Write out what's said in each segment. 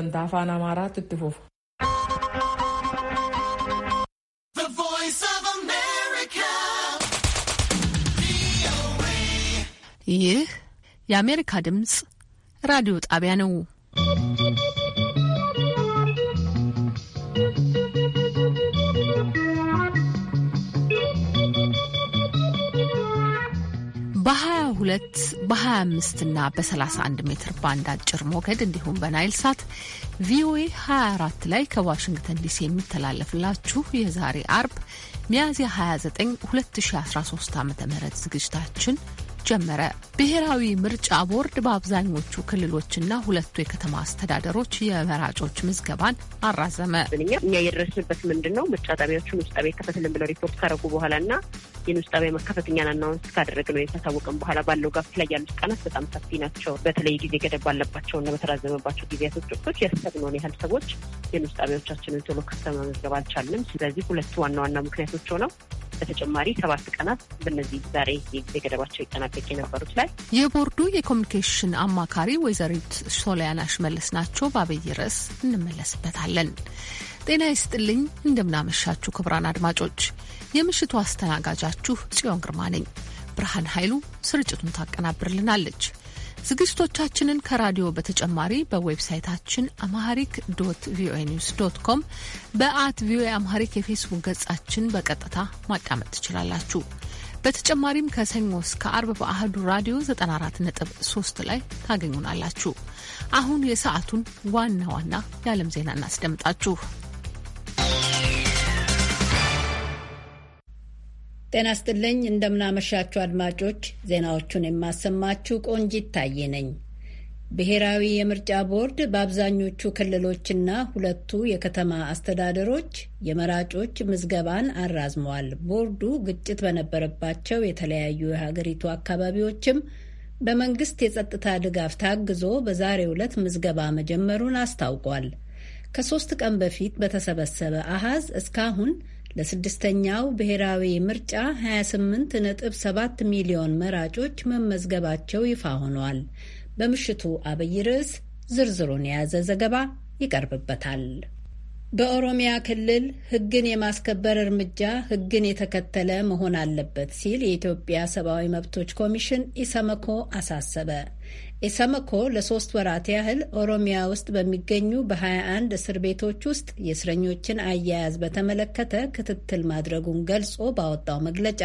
እንተ አማራ ትትፉፍ ይህ የአሜሪካ ድምፅ ራዲዮ ጣቢያ ነው። በ በ25 እና በ31 ሜትር ባንድ አጭር ሞገድ እንዲሁም በናይል ሳት ቪኦኤ 24 ላይ ከዋሽንግተን ዲሲ የሚተላለፍላችሁ የዛሬ አርብ ሚያዝያ 29 2013 ዓ ም ዝግጅታችን ጀመረ። ብሔራዊ ምርጫ ቦርድ በአብዛኞቹ ክልሎችና ሁለቱ የከተማ አስተዳደሮች የመራጮች ምዝገባን አራዘመ። እኛ እኛ የደረስንበት ምንድን ነው ምርጫ ጣቢያዎቹን ውስጥ ቤት ከፈትልን ብለው ሪፖርት ካረጉ በኋላ ና የንስ ጣቢያ መከፈት እኛን አናውንስ ነው የታሳወቀን በኋላ ባለው ጋፍ ላይ ያሉት ቀናት በጣም ሰፊ ናቸው። በተለይ ጊዜ ገደብ ባለባቸውና በተራዘመባቸው ጊዜያቶች ወቅቶች ያሰብነውን ያህል ሰዎች የንስ ጣቢያዎቻችንን ቶሎ ክፍተን መመዝገብ አልቻልንም። ስለዚህ ሁለቱ ዋና ዋና ምክንያቶች ሆነው በተጨማሪ ሰባት ቀናት በነዚህ ዛሬ የጊዜ ገደባቸው ይጠናቀቅ የነበሩት ላይ የቦርዱ የኮሚኒኬሽን አማካሪ ወይዘሪት ሶሊያና ሽመልስ ናቸው። በአብይ ርዕስ እንመለስበታለን። ጤና ይስጥልኝ። እንደምናመሻችሁ ክቡራን አድማጮች፣ የምሽቱ አስተናጋጃችሁ ጽዮን ግርማ ነኝ። ብርሃን ኃይሉ ስርጭቱን ታቀናብርልናለች። ዝግጅቶቻችንን ከራዲዮ በተጨማሪ በዌብሳይታችን አምሃሪክ ዶት ቪኦኤ ኒውስ ዶት ኮም በአት ቪኦኤ አምሃሪክ የፌስቡክ ገጻችን በቀጥታ ማዳመጥ ትችላላችሁ። በተጨማሪም ከሰኞ እስከ አርብ በአህዱ ራዲዮ 94.3 ላይ ታገኙናላችሁ። አሁን የሰዓቱን ዋና ዋና የዓለም ዜና እናስደምጣችሁ። ጤና ስጥልኝ እንደምናመሻችሁ አድማጮች፣ ዜናዎቹን የማሰማችሁ ቆንጂ ይታየ ነኝ። ብሔራዊ የምርጫ ቦርድ በአብዛኞቹ ክልሎችና ሁለቱ የከተማ አስተዳደሮች የመራጮች ምዝገባን አራዝመዋል። ቦርዱ ግጭት በነበረባቸው የተለያዩ የሀገሪቱ አካባቢዎችም በመንግስት የጸጥታ ድጋፍ ታግዞ በዛሬው ዕለት ምዝገባ መጀመሩን አስታውቋል። ከሶስት ቀን በፊት በተሰበሰበ አሃዝ እስካሁን ለስድስተኛው ብሔራዊ ምርጫ 28.7 ሚሊዮን መራጮች መመዝገባቸው ይፋ ሆኗል። በምሽቱ አብይ ርዕስ ዝርዝሩን የያዘ ዘገባ ይቀርብበታል። በኦሮሚያ ክልል ሕግን የማስከበር እርምጃ ሕግን የተከተለ መሆን አለበት ሲል የኢትዮጵያ ሰብአዊ መብቶች ኮሚሽን ኢሰመኮ አሳሰበ። ኢሰመኮ ለሶስት ወራት ያህል ኦሮሚያ ውስጥ በሚገኙ በ21 እስር ቤቶች ውስጥ የእስረኞችን አያያዝ በተመለከተ ክትትል ማድረጉን ገልጾ ባወጣው መግለጫ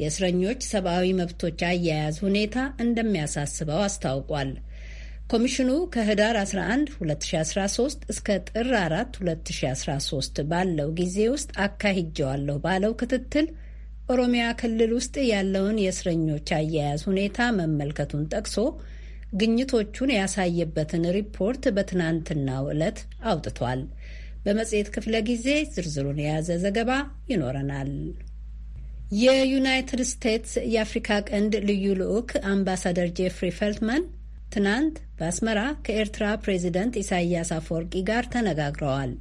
የእስረኞች ሰብአዊ መብቶች አያያዝ ሁኔታ እንደሚያሳስበው አስታውቋል። ኮሚሽኑ ከህዳር 11 2013 እስከ ጥር 4 2013 ባለው ጊዜ ውስጥ አካሂጀዋለሁ ባለው ክትትል ኦሮሚያ ክልል ውስጥ ያለውን የእስረኞች አያያዝ ሁኔታ መመልከቱን ጠቅሶ ግኝቶቹን ያሳየበትን ሪፖርት በትናንትናው ዕለት አውጥቷል። በመጽሔት ክፍለ ጊዜ ዝርዝሩን የያዘ ዘገባ ይኖረናል። የዩናይትድ ስቴትስ የአፍሪካ ቀንድ ልዩ ልዑክ አምባሳደር ጄፍሪ ፈልትመን ትናንት በአስመራ ከኤርትራ ፕሬዚደንት ኢሳያስ አፈወርቂ ጋር ተነጋግረዋል።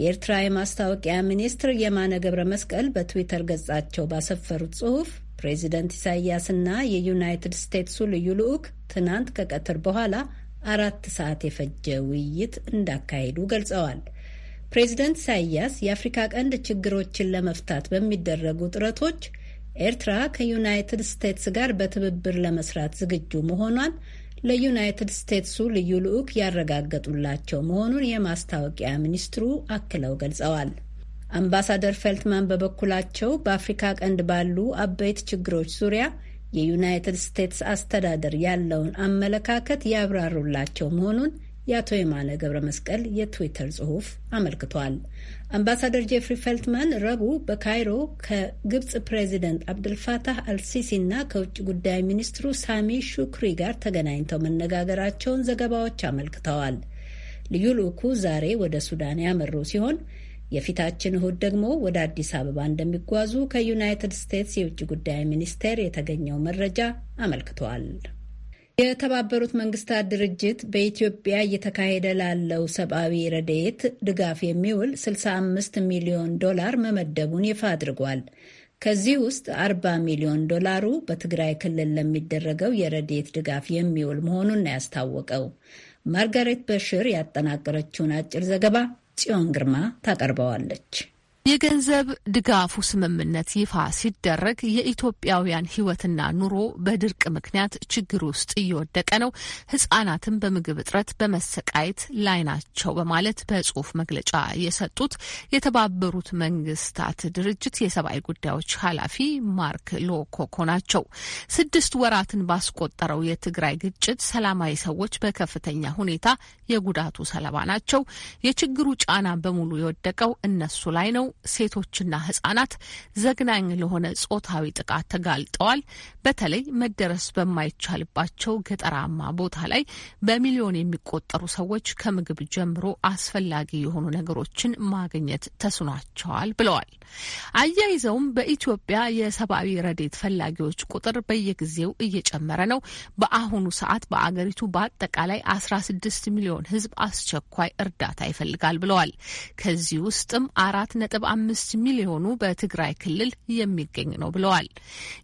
የኤርትራ የማስታወቂያ ሚኒስትር የማነ ገብረ መስቀል በትዊተር ገጻቸው ባሰፈሩት ጽሑፍ ፕሬዚደንት ኢሳያስና የዩናይትድ ስቴትሱ ልዩ ልዑክ ትናንት ከቀትር በኋላ አራት ሰዓት የፈጀ ውይይት እንዳካሄዱ ገልጸዋል። ፕሬዚደንት ኢሳያስ የአፍሪካ ቀንድ ችግሮችን ለመፍታት በሚደረጉ ጥረቶች ኤርትራ ከዩናይትድ ስቴትስ ጋር በትብብር ለመስራት ዝግጁ መሆኗን ለዩናይትድ ስቴትሱ ልዩ ልዑክ ያረጋገጡላቸው መሆኑን የማስታወቂያ ሚኒስትሩ አክለው ገልጸዋል። አምባሳደር ፌልትማን በበኩላቸው በአፍሪካ ቀንድ ባሉ አበይት ችግሮች ዙሪያ የዩናይትድ ስቴትስ አስተዳደር ያለውን አመለካከት ያብራሩላቸው መሆኑን የአቶ የማነ ገብረ መስቀል የትዊተር ጽሑፍ አመልክቷል። አምባሳደር ጄፍሪ ፌልትማን ረቡዕ በካይሮ ከግብፅ ፕሬዚደንት አብድልፋታህ አልሲሲ እና ከውጭ ጉዳይ ሚኒስትሩ ሳሚ ሹክሪ ጋር ተገናኝተው መነጋገራቸውን ዘገባዎች አመልክተዋል። ልዩ ልዑኩ ዛሬ ወደ ሱዳን ያመሩ ሲሆን የፊታችን እሁድ ደግሞ ወደ አዲስ አበባ እንደሚጓዙ ከዩናይትድ ስቴትስ የውጭ ጉዳይ ሚኒስቴር የተገኘው መረጃ አመልክቷል። የተባበሩት መንግስታት ድርጅት በኢትዮጵያ እየተካሄደ ላለው ሰብአዊ ረድኤት ድጋፍ የሚውል 65 ሚሊዮን ዶላር መመደቡን ይፋ አድርጓል። ከዚህ ውስጥ 40 ሚሊዮን ዶላሩ በትግራይ ክልል ለሚደረገው የረድኤት ድጋፍ የሚውል መሆኑን ያስታወቀው። ማርጋሬት በሽር ያጠናቀረችውን አጭር ዘገባ ጽዮን ግርማ ታቀርበዋለች። የገንዘብ ድጋፉ ስምምነት ይፋ ሲደረግ የኢትዮጵያውያን ሕይወትና ኑሮ በድርቅ ምክንያት ችግር ውስጥ እየወደቀ ነው፣ ሕጻናትን በምግብ እጥረት በመሰቃየት ላይ ናቸው በማለት በጽሁፍ መግለጫ የሰጡት የተባበሩት መንግስታት ድርጅት የሰብአዊ ጉዳዮች ኃላፊ ማርክ ሎኮኮ ናቸው። ስድስት ወራትን ባስቆጠረው የትግራይ ግጭት ሰላማዊ ሰዎች በከፍተኛ ሁኔታ የጉዳቱ ሰለባ ናቸው። የችግሩ ጫና በሙሉ የወደቀው እነሱ ላይ ነው። ሴቶችና ህጻናት ዘግናኝ ለሆነ ጾታዊ ጥቃት ተጋልጠዋል። በተለይ መደረስ በማይቻልባቸው ገጠራማ ቦታ ላይ በሚሊዮን የሚቆጠሩ ሰዎች ከምግብ ጀምሮ አስፈላጊ የሆኑ ነገሮችን ማግኘት ተስኗቸዋል ብለዋል። አያይዘውም በኢትዮጵያ የሰብአዊ ረዴት ፈላጊዎች ቁጥር በየጊዜው እየጨመረ ነው። በአሁኑ ሰዓት በአገሪቱ በአጠቃላይ 16 ሚሊዮን ህዝብ አስቸኳይ እርዳታ ይፈልጋል ብለዋል። ከዚህ ውስጥም አራት ነጥብ ነጥብ አምስት ሚሊዮኑ በትግራይ ክልል የሚገኝ ነው ብለዋል።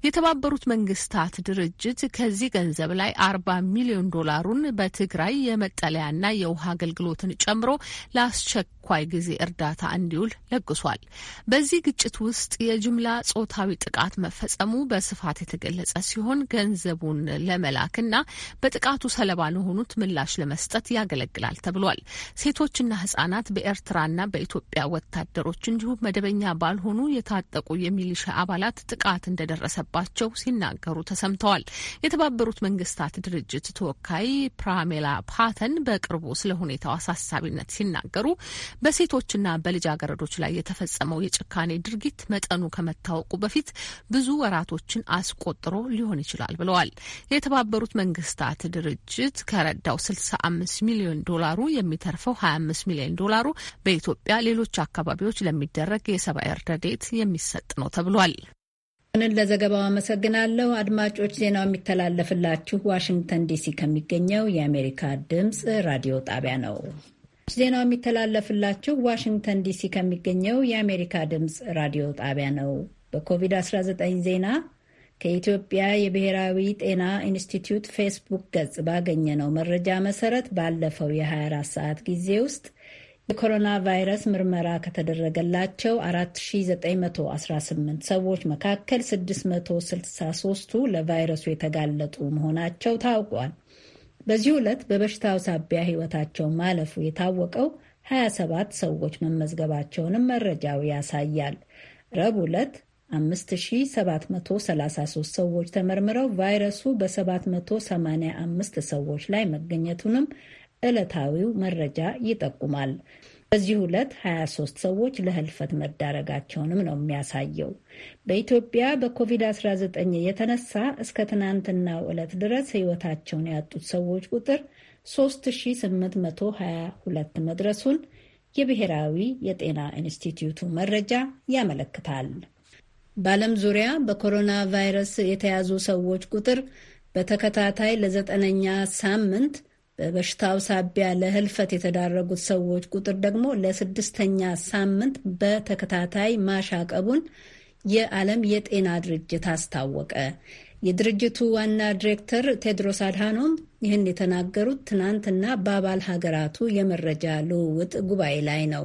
የተባበሩት መንግስታት ድርጅት ከዚህ ገንዘብ ላይ አርባ ሚሊዮን ዶላሩን በትግራይ የመጠለያና የውሃ አገልግሎትን ጨምሮ ለአስቸኳይ ጊዜ እርዳታ እንዲውል ለግሷል። በዚህ ግጭት ውስጥ የጅምላ ጾታዊ ጥቃት መፈጸሙ በስፋት የተገለጸ ሲሆን ገንዘቡን ለመላክና በጥቃቱ ሰለባ ለሆኑት ምላሽ ለመስጠት ያገለግላል ተብሏል። ሴቶችና ህጻናት በኤርትራና በኢትዮጵያ ወታደሮች እንዲሁም እንዲሁም መደበኛ ባልሆኑ የታጠቁ የሚሊሻ አባላት ጥቃት እንደደረሰባቸው ሲናገሩ ተሰምተዋል። የተባበሩት መንግስታት ድርጅት ተወካይ ፕራሜላ ፓተን በቅርቡ ስለ ሁኔታው አሳሳቢነት ሲናገሩ በሴቶችና በልጃገረዶች ላይ የተፈጸመው የጭካኔ ድርጊት መጠኑ ከመታወቁ በፊት ብዙ ወራቶችን አስቆጥሮ ሊሆን ይችላል ብለዋል። የተባበሩት መንግስታት ድርጅት ከረዳው 65 ሚሊዮን ዶላሩ የሚተርፈው 25 ሚሊዮን ዶላሩ በኢትዮጵያ ሌሎች አካባቢዎች ለሚ የሚደረግ የሰብአዊ እርዳታ የሚሰጥ ነው ተብሏል። ንን ለዘገባው አመሰግናለሁ። አድማጮች ዜናው የሚተላለፍላችሁ ዋሽንግተን ዲሲ ከሚገኘው የአሜሪካ ድምፅ ራዲዮ ጣቢያ ነው። ዜናው የሚተላለፍላችሁ ዋሽንግተን ዲሲ ከሚገኘው የአሜሪካ ድምፅ ራዲዮ ጣቢያ ነው። በኮቪድ-19 ዜና ከኢትዮጵያ የብሔራዊ ጤና ኢንስቲትዩት ፌስቡክ ገጽ ባገኘነው መረጃ መሰረት ባለፈው የ24 ሰዓት ጊዜ ውስጥ የኮሮና ቫይረስ ምርመራ ከተደረገላቸው 4918 ሰዎች መካከል 663ቱ ለቫይረሱ የተጋለጡ መሆናቸው ታውቋል። በዚህ ዕለት በበሽታው ሳቢያ ሕይወታቸው ማለፉ የታወቀው 27 ሰዎች መመዝገባቸውንም መረጃው ያሳያል። ረቡዕ ዕለት 5733 ሰዎች ተመርምረው ቫይረሱ በ785 ሰዎች ላይ መገኘቱንም ዕለታዊው መረጃ ይጠቁማል። በዚህ ዕለት 23 ሰዎች ለህልፈት መዳረጋቸውንም ነው የሚያሳየው። በኢትዮጵያ በኮቪድ-19 የተነሳ እስከ ትናንትናው ዕለት ድረስ ህይወታቸውን ያጡት ሰዎች ቁጥር 3822 መድረሱን የብሔራዊ የጤና ኢንስቲትዩቱ መረጃ ያመለክታል። በዓለም ዙሪያ በኮሮና ቫይረስ የተያዙ ሰዎች ቁጥር በተከታታይ ለዘጠነኛ ሳምንት በበሽታው ሳቢያ ለህልፈት የተዳረጉት ሰዎች ቁጥር ደግሞ ለስድስተኛ ሳምንት በተከታታይ ማሻቀቡን የዓለም የጤና ድርጅት አስታወቀ። የድርጅቱ ዋና ዲሬክተር ቴድሮስ አድሃኖም ይህን የተናገሩት ትናንትና በአባል ሀገራቱ የመረጃ ልውውጥ ጉባኤ ላይ ነው።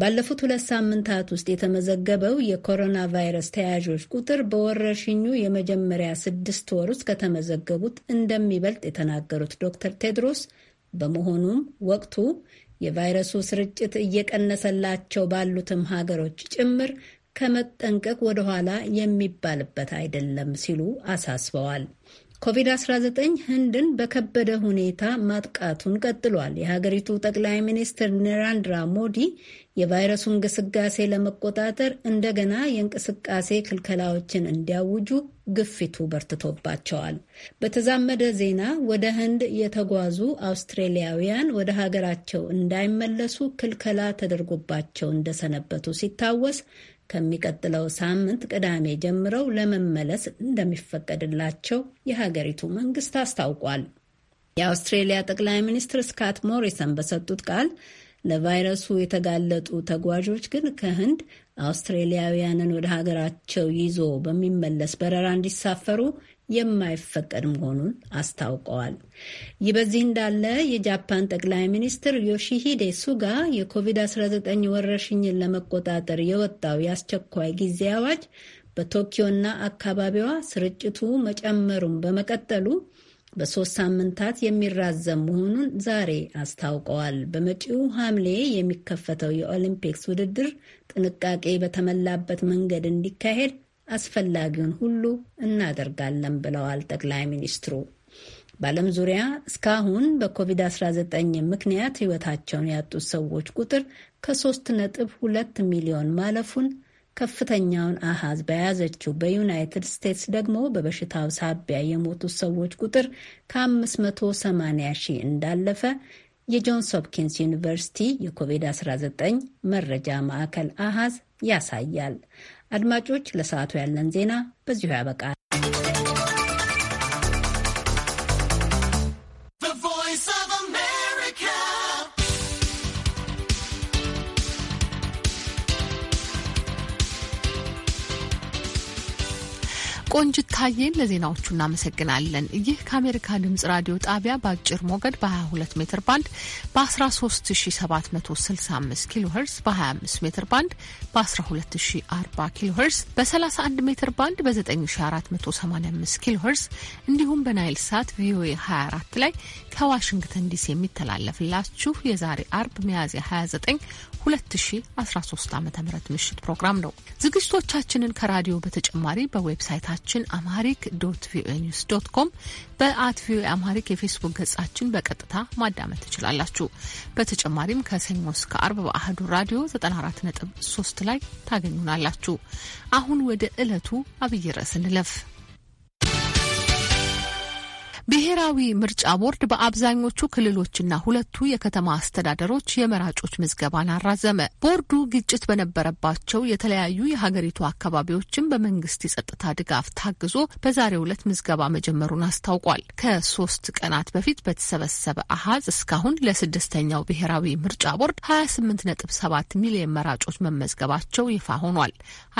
ባለፉት ሁለት ሳምንታት ውስጥ የተመዘገበው የኮሮና ቫይረስ ተያዦች ቁጥር በወረርሽኙ የመጀመሪያ ስድስት ወር ውስጥ ከተመዘገቡት እንደሚበልጥ የተናገሩት ዶክተር ቴድሮስ በመሆኑም ወቅቱ የቫይረሱ ስርጭት እየቀነሰላቸው ባሉትም ሀገሮች ጭምር ከመጠንቀቅ ወደኋላ የሚባልበት አይደለም ሲሉ አሳስበዋል። ኮቪድ-19 ህንድን በከበደ ሁኔታ ማጥቃቱን ቀጥሏል። የሀገሪቱ ጠቅላይ ሚኒስትር ኔራንድራ ሞዲ የቫይረሱን ግስጋሴ ለመቆጣጠር እንደገና የእንቅስቃሴ ክልከላዎችን እንዲያውጁ ግፊቱ በርትቶባቸዋል። በተዛመደ ዜና ወደ ህንድ የተጓዙ አውስትሬሊያውያን ወደ ሀገራቸው እንዳይመለሱ ክልከላ ተደርጎባቸው እንደሰነበቱ ሲታወስ ከሚቀጥለው ሳምንት ቅዳሜ ጀምረው ለመመለስ እንደሚፈቀድላቸው የሀገሪቱ መንግስት አስታውቋል። የአውስትሬሊያ ጠቅላይ ሚኒስትር ስካት ሞሪሰን በሰጡት ቃል ለቫይረሱ የተጋለጡ ተጓዦች ግን ከህንድ አውስትሬሊያውያንን ወደ ሀገራቸው ይዞ በሚመለስ በረራ እንዲሳፈሩ የማይፈቀድ መሆኑን አስታውቀዋል። ይህ በዚህ እንዳለ የጃፓን ጠቅላይ ሚኒስትር ዮሺሂዴ ሱጋ የኮቪድ-19 ወረርሽኝን ለመቆጣጠር የወጣው የአስቸኳይ ጊዜ አዋጅ በቶኪዮና አካባቢዋ ስርጭቱ መጨመሩን በመቀጠሉ በሶስት ሳምንታት የሚራዘም መሆኑን ዛሬ አስታውቀዋል። በመጪው ሐምሌ የሚከፈተው የኦሊምፒክስ ውድድር ጥንቃቄ በተሞላበት መንገድ እንዲካሄድ አስፈላጊውን ሁሉ እናደርጋለን ብለዋል ጠቅላይ ሚኒስትሩ። በዓለም ዙሪያ እስካሁን በኮቪድ-19 ምክንያት ሕይወታቸውን ያጡት ሰዎች ቁጥር ከ ነጥብ 2 ሚሊዮን ማለፉን ከፍተኛውን አሃዝ በያዘችው በዩናይትድ ስቴትስ ደግሞ በበሽታው ሳቢያ የሞቱ ሰዎች ቁጥር ከ580 ሺህ እንዳለፈ የጆንስ ሆፕኪንስ ዩኒቨርሲቲ የኮቪድ-19 መረጃ ማዕከል አሃዝ ያሳያል። አድማጮች፣ ለሰዓቱ ያለን ዜና በዚሁ ያበቃል። ቆንጅታዬን ለዜናዎቹ እናመሰግናለን። ይህ ከአሜሪካ ድምጽ ራዲዮ ጣቢያ በአጭር ሞገድ በ22 ሜትር ባንድ በ13765 ኪሎ ሄርዝ በ25 ሜትር ባንድ በ1240 ኪሎ ሄርዝ በ31 ሜትር ባንድ በ9485 ኪሎ ሄርዝ እንዲሁም በናይል ሳት ቪኦኤ 24 ላይ ከዋሽንግተን ዲሲ የሚተላለፍላችሁ የዛሬ አርብ ሚያዝያ 29 2013 ዓ ም ምሽት ፕሮግራም ነው። ዝግጅቶቻችንን ከራዲዮ በተጨማሪ በዌብሳይታችን ድረገጻችን አማሪክ ዶት ቪኦኤ ኒውስ ዶት ኮም፣ በአት ቪኦኤ አማሪክ የፌስቡክ ገጻችን በቀጥታ ማዳመጥ ትችላላችሁ። በተጨማሪም ከሰኞ እስከ አርብ በአህዱ ራዲዮ 94.3 ላይ ታገኙናላችሁ። አሁን ወደ ዕለቱ አብይ ርዕስ እንለፍ። ብሔራዊ ምርጫ ቦርድ በአብዛኞቹ ክልሎችና ሁለቱ የከተማ አስተዳደሮች የመራጮች ምዝገባን አራዘመ። ቦርዱ ግጭት በነበረባቸው የተለያዩ የሀገሪቱ አካባቢዎችም በመንግስት የጸጥታ ድጋፍ ታግዞ በዛሬው ዕለት ምዝገባ መጀመሩን አስታውቋል። ከሶስት ቀናት በፊት በተሰበሰበ አሀዝ እስካሁን ለስድስተኛው ብሔራዊ ምርጫ ቦርድ ሰባት ሚሊዮን መራጮች መመዝገባቸው ይፋ ሆኗል።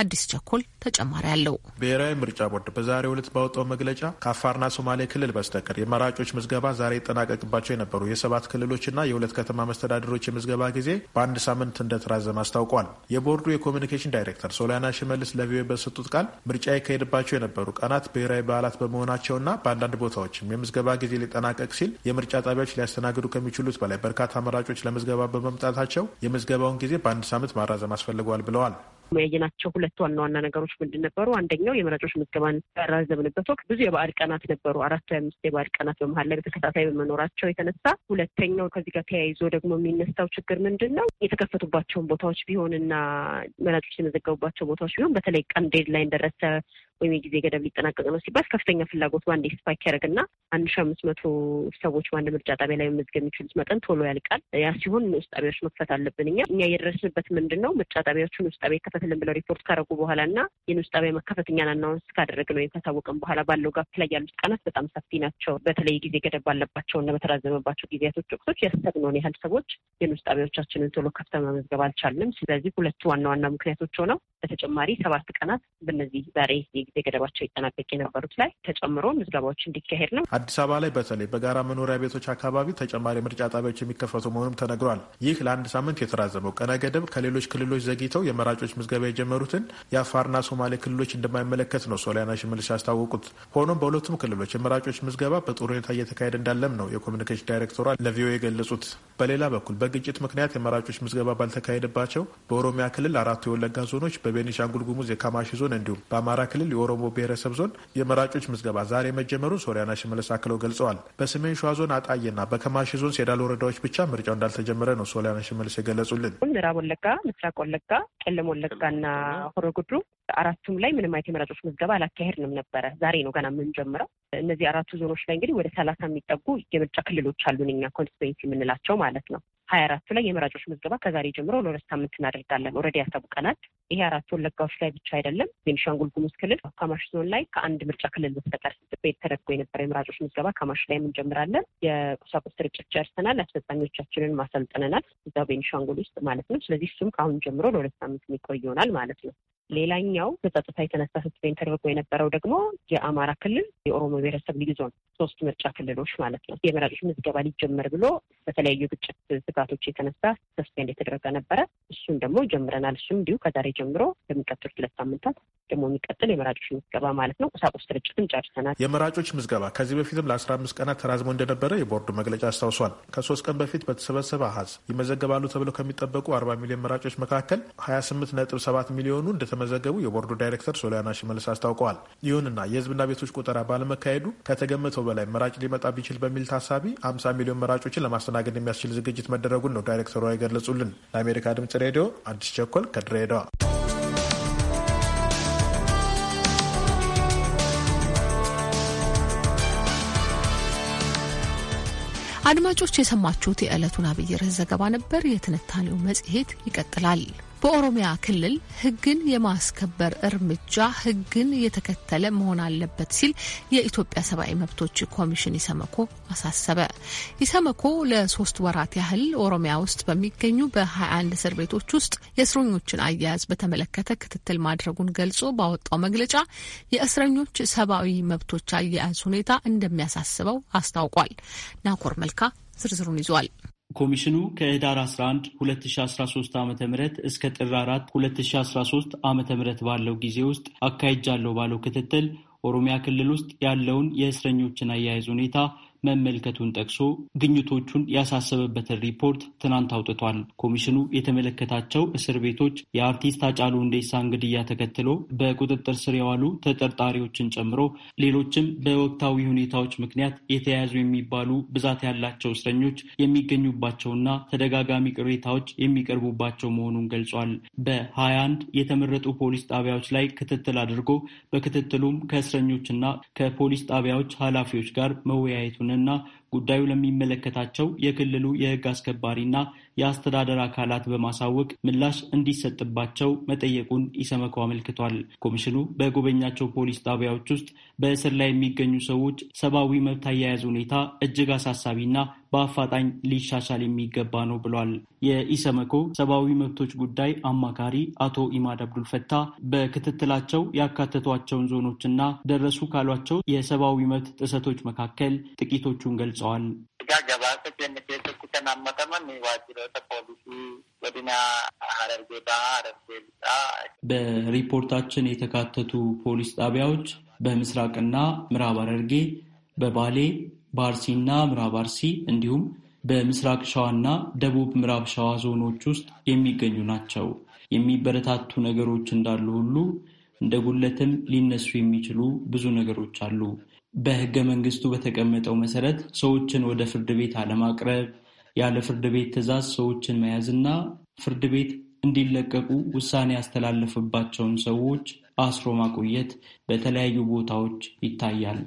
አዲስ ቸኮል ተጨማሪ አለው። ብሔራዊ ምርጫ ቦርድ በዛሬው ዕለት ባወጣው መግለጫ ከአፋርና ሶማሌ ክልል በስ በስተቀር የመራጮች ምዝገባ ዛሬ ይጠናቀቅባቸው የነበሩ የሰባት ክልሎችና የሁለት ከተማ መስተዳድሮች የምዝገባ ጊዜ በአንድ ሳምንት እንደተራዘመ አስታውቋል። የቦርዱ የኮሚኒኬሽን ዳይሬክተር ሶሊያና ሽመልስ ለቪኦኤ በሰጡት ቃል ምርጫ ይካሄድባቸው የነበሩ ቀናት ብሔራዊ በዓላት በመሆናቸውና በአንዳንድ ቦታዎችም የምዝገባ ጊዜ ሊጠናቀቅ ሲል የምርጫ ጣቢያዎች ሊያስተናግዱ ከሚችሉት በላይ በርካታ መራጮች ለምዝገባ በመምጣታቸው የምዝገባውን ጊዜ በአንድ ሳምንት ማራዘም አስፈልጓል ብለዋል። ያየናቸው ሁለት ዋና ዋና ነገሮች ምንድን ነበሩ? አንደኛው የመራጮች ምዝገባን ያራዘምንበት ወቅት ብዙ የበዓል ቀናት ነበሩ። አራት አምስት የበዓል ቀናት በመሀል ላይ በተከታታይ በመኖራቸው የተነሳ ሁለተኛው ከዚህ ጋር ተያይዞ ደግሞ የሚነሳው ችግር ምንድን ነው? የተከፈቱባቸውን ቦታዎች ቢሆን እና መራጮች የመዘገቡባቸው ቦታዎች ቢሆን በተለይ ቀን ዴድላይን ደረሰ ወይም የጊዜ ገደብ ሊጠናቀቅ ነው ሲባል ከፍተኛ ፍላጎት በአንድ ስፓይክ ያደርግና አንድ ሺ አምስት መቶ ሰዎች በአንድ ምርጫ ጣቢያ ላይ መመዝገብ የሚችሉት መጠን ቶሎ ያልቃል። ያ ሲሆን ንዑስ ጣቢያዎች መክፈት አለብን። እኛ እኛ የደረስንበት ምንድን ነው ምርጫ ጣቢያዎቹ ንዑስ ጣቢያ ይከፈትልን ብለው ሪፖርት ካደረጉ በኋላ እና የንዑስ ጣቢያ መከፈት እኛን አናውንስ ካደረግን ወይም ከታወቀን በኋላ ባለው ጋፕ ላይ ያሉት ቀናት በጣም ሰፊ ናቸው። በተለይ ጊዜ ገደብ ባለባቸውና በተራዘመባቸው ጊዜያቶች ወቅቶች ያሰብነውን ያህል ሰዎች የንዑስ ጣቢያዎቻችንን ቶሎ ከፍተ መመዝገብ አልቻልንም። ስለዚህ ሁለቱ ዋና ዋና ምክንያቶች ሆነው በተጨማሪ ሰባት ቀናት በነዚህ ዛሬ የጊዜ ገደባቸው ይጠናቀቅ የነበሩት ላይ ተጨምሮ ምዝገባዎች እንዲካሄድ ነው። አዲስ አበባ ላይ በተለይ በጋራ መኖሪያ ቤቶች አካባቢ ተጨማሪ ምርጫ ጣቢያዎች የሚከፈቱ መሆኑም ተነግሯል። ይህ ለአንድ ሳምንት የተራዘመው ቀነ ገደብ ከሌሎች ክልሎች ዘግይተው የመራጮች ምዝገባ የጀመሩትን የአፋርና ሶማሌ ክልሎች እንደማይመለከት ነው ሶሊያና ሽመልስ ያስታወቁት። ሆኖም በሁለቱም ክልሎች የመራጮች ምዝገባ በጥሩ ሁኔታ እየተካሄደ እንዳለም ነው የኮሚኒኬሽን ዳይሬክተሯ ለቪኦኤ የገለጹት። በሌላ በኩል በግጭት ምክንያት የመራጮች ምዝገባ ባልተካሄደባቸው በኦሮሚያ ክልል አራቱ የወለጋ ዞኖች በቤኒሻንጉል ጉሙዝ የካማሺ ዞን እንዲሁም በአማራ ክልል የኦሮሞ ብሔረሰብ ዞን የመራጮች ምዝገባ ዛሬ መጀመሩን ሶሪያና ሽመለስ አክለው ገልጸዋል። በሰሜን ሸዋ ዞን አጣዬና በከማሺ ዞን ሴዳል ወረዳዎች ብቻ ምርጫው እንዳልተጀመረ ነው ሶሪያና ሽመለስ የገለጹልን። ምዕራብ ወለጋ፣ ምስራቅ ወለጋ፣ ቄለም ወለጋና ሆሮ ጉድሩ አራቱም ላይ ምንም አይነት የመራጮች ምዝገባ አላካሄድንም ነበረ። ዛሬ ነው ገና የምንጀምረው። እነዚህ አራቱ ዞኖች ላይ እንግዲህ ወደ ሰላሳ የሚጠጉ የምርጫ ክልሎች አሉን እኛ ኮንስቲትዌንሲ የምንላቸው ማለት ነው። ሀያ አራቱ ላይ የመራጮች ምዝገባ ከዛሬ ጀምሮ ለሁለት ሳምንት እናደርጋለን። ወረዳ ያሳውቀናል። ይሄ አራት ወለጋዎች ላይ ብቻ አይደለም። ቤኒሻንጉል ጉሙዝ ክልል ካማሽ ዞን ላይ ከአንድ ምርጫ ክልል በስተቀር ቤት ተደርጎ የነበረ የመራጮች ምዝገባ ካማሽ ላይ እንጀምራለን። የቁሳቁስ ስርጭት ጨርሰናል። አስፈጻሚዎቻችንን ማሰልጠነናል። እዛው ቤኒሻንጉል ውስጥ ማለት ነው። ስለዚህ እሱም ከአሁን ጀምሮ ለሁለት ሳምንት የሚቆይ ይሆናል ማለት ነው። ሌላኛው በጸጥታ የተነሳ ህዝብ ተደርጎ የነበረው ደግሞ የአማራ ክልል የኦሮሞ ብሔረሰብ ልዩ ዞን ሶስት ምርጫ ክልሎች ማለት ነው የመራጮች ምዝገባ ሊጀመር ብሎ በተለያዩ ግጭት ስጋቶች የተነሳ ሰስፔንድ የተደረገ ነበረ። እሱን ደግሞ ጀምረናል። እሱም እንዲሁ ከዛሬ ጀምሮ በሚቀጥሉት ሁለት ሳምንታት ደግሞ የሚቀጥል የመራጮች ምዝገባ ማለት ነው። ቁሳቁስ ስርጭትን ጨርሰናል። የመራጮች ምዝገባ ከዚህ በፊትም ለአስራ አምስት ቀናት ተራዝሞ እንደነበረ የቦርዱ መግለጫ አስታውሷል። ከሶስት ቀን በፊት በተሰበሰበ አሀዝ ይመዘገባሉ ተብለው ከሚጠበቁ አርባ ሚሊዮን መራጮች መካከል ሀያ ስምንት ነጥብ ሰባት ሚሊዮኑ እንደተመዘገቡ የቦርዱ ዳይሬክተር ሶሊያና ሽመልስ አስታውቀዋል። ይሁንና የህዝብና ቤቶች ቁጠራ ባለመካሄዱ ከተገመተው በላይ መራጭ ሊመጣ ቢችል በሚል ታሳቢ አምሳ ሚሊዮን መራጮችን ለማስተናገድ የሚያስችል ዝግጅት መደረጉን ነው ዳይሬክተሯ የገለጹልን። ለአሜሪካ ድምጽ ሬዲዮ አዲስ ቸኮል ከድሬዳዋ አድማጮች የሰማችሁት የዕለቱን አብይ ርዕስ ዘገባ ነበር። የትንታኔው መጽሔት ይቀጥላል። በኦሮሚያ ክልል ህግን የማስከበር እርምጃ ህግን የተከተለ መሆን አለበት ሲል የኢትዮጵያ ሰብአዊ መብቶች ኮሚሽን ኢሰመኮ አሳሰበ። ኢሰመኮ ለሶስት ወራት ያህል ኦሮሚያ ውስጥ በሚገኙ በ21 እስር ቤቶች ውስጥ የእስረኞችን አያያዝ በተመለከተ ክትትል ማድረጉን ገልጾ ባወጣው መግለጫ የእስረኞች ሰብአዊ መብቶች አያያዝ ሁኔታ እንደሚያሳስበው አስታውቋል። ናኮር መልካ ዝርዝሩን ይዟል። ኮሚሽኑ ከህዳር 11 2013 ዓ ም እስከ ጥር 4 2013 ዓ ም ባለው ጊዜ ውስጥ አካሂጃለሁ ባለው ክትትል ኦሮሚያ ክልል ውስጥ ያለውን የእስረኞችን አያያዝ ሁኔታ መመልከቱን ጠቅሶ ግኝቶቹን ያሳሰበበትን ሪፖርት ትናንት አውጥቷል። ኮሚሽኑ የተመለከታቸው እስር ቤቶች የአርቲስት አጫሉ ሁንዴሳን ግድያ ተከትሎ በቁጥጥር ስር የዋሉ ተጠርጣሪዎችን ጨምሮ ሌሎችም በወቅታዊ ሁኔታዎች ምክንያት የተያያዙ የሚባሉ ብዛት ያላቸው እስረኞች የሚገኙባቸውና ተደጋጋሚ ቅሬታዎች የሚቀርቡባቸው መሆኑን ገልጿል። በሀያ አንድ የተመረጡ ፖሊስ ጣቢያዎች ላይ ክትትል አድርጎ በክትትሉም ከእስረኞችና ከፖሊስ ጣቢያዎች ኃላፊዎች ጋር መወያየቱን መሆኑንና ጉዳዩ ለሚመለከታቸው የክልሉ የህግ አስከባሪና የአስተዳደር አካላት በማሳወቅ ምላሽ እንዲሰጥባቸው መጠየቁን ኢሰመኮ አመልክቷል። ኮሚሽኑ በጎበኛቸው ፖሊስ ጣቢያዎች ውስጥ በእስር ላይ የሚገኙ ሰዎች ሰብአዊ መብት አያያዝ ሁኔታ እጅግ አሳሳቢና በአፋጣኝ ሊሻሻል የሚገባ ነው ብሏል። የኢሰመኮ ሰብአዊ መብቶች ጉዳይ አማካሪ አቶ ኢማድ አብዱልፈታ በክትትላቸው ያካተቷቸውን ዞኖችና ደረሱ ካሏቸው የሰብአዊ መብት ጥሰቶች መካከል ጥቂቶቹን ገልጸዋል። በሪፖርታችን የተካተቱ ፖሊስ ጣቢያዎች በምስራቅና ምዕራብ ሐረርጌ፣ በባሌ፣ በአርሲና ምዕራብ አርሲ እንዲሁም በምስራቅ ሸዋና ደቡብ ምዕራብ ሸዋ ዞኖች ውስጥ የሚገኙ ናቸው። የሚበረታቱ ነገሮች እንዳሉ ሁሉ እንደ ጉለትም ሊነሱ የሚችሉ ብዙ ነገሮች አሉ። በህገ መንግስቱ በተቀመጠው መሰረት ሰዎችን ወደ ፍርድ ቤት አለማቅረብ፣ ያለ ፍርድ ቤት ትዕዛዝ ሰዎችን መያዝና ፍርድ ቤት እንዲለቀቁ ውሳኔ ያስተላለፈባቸውን ሰዎች አስሮ ማቆየት በተለያዩ ቦታዎች ይታያል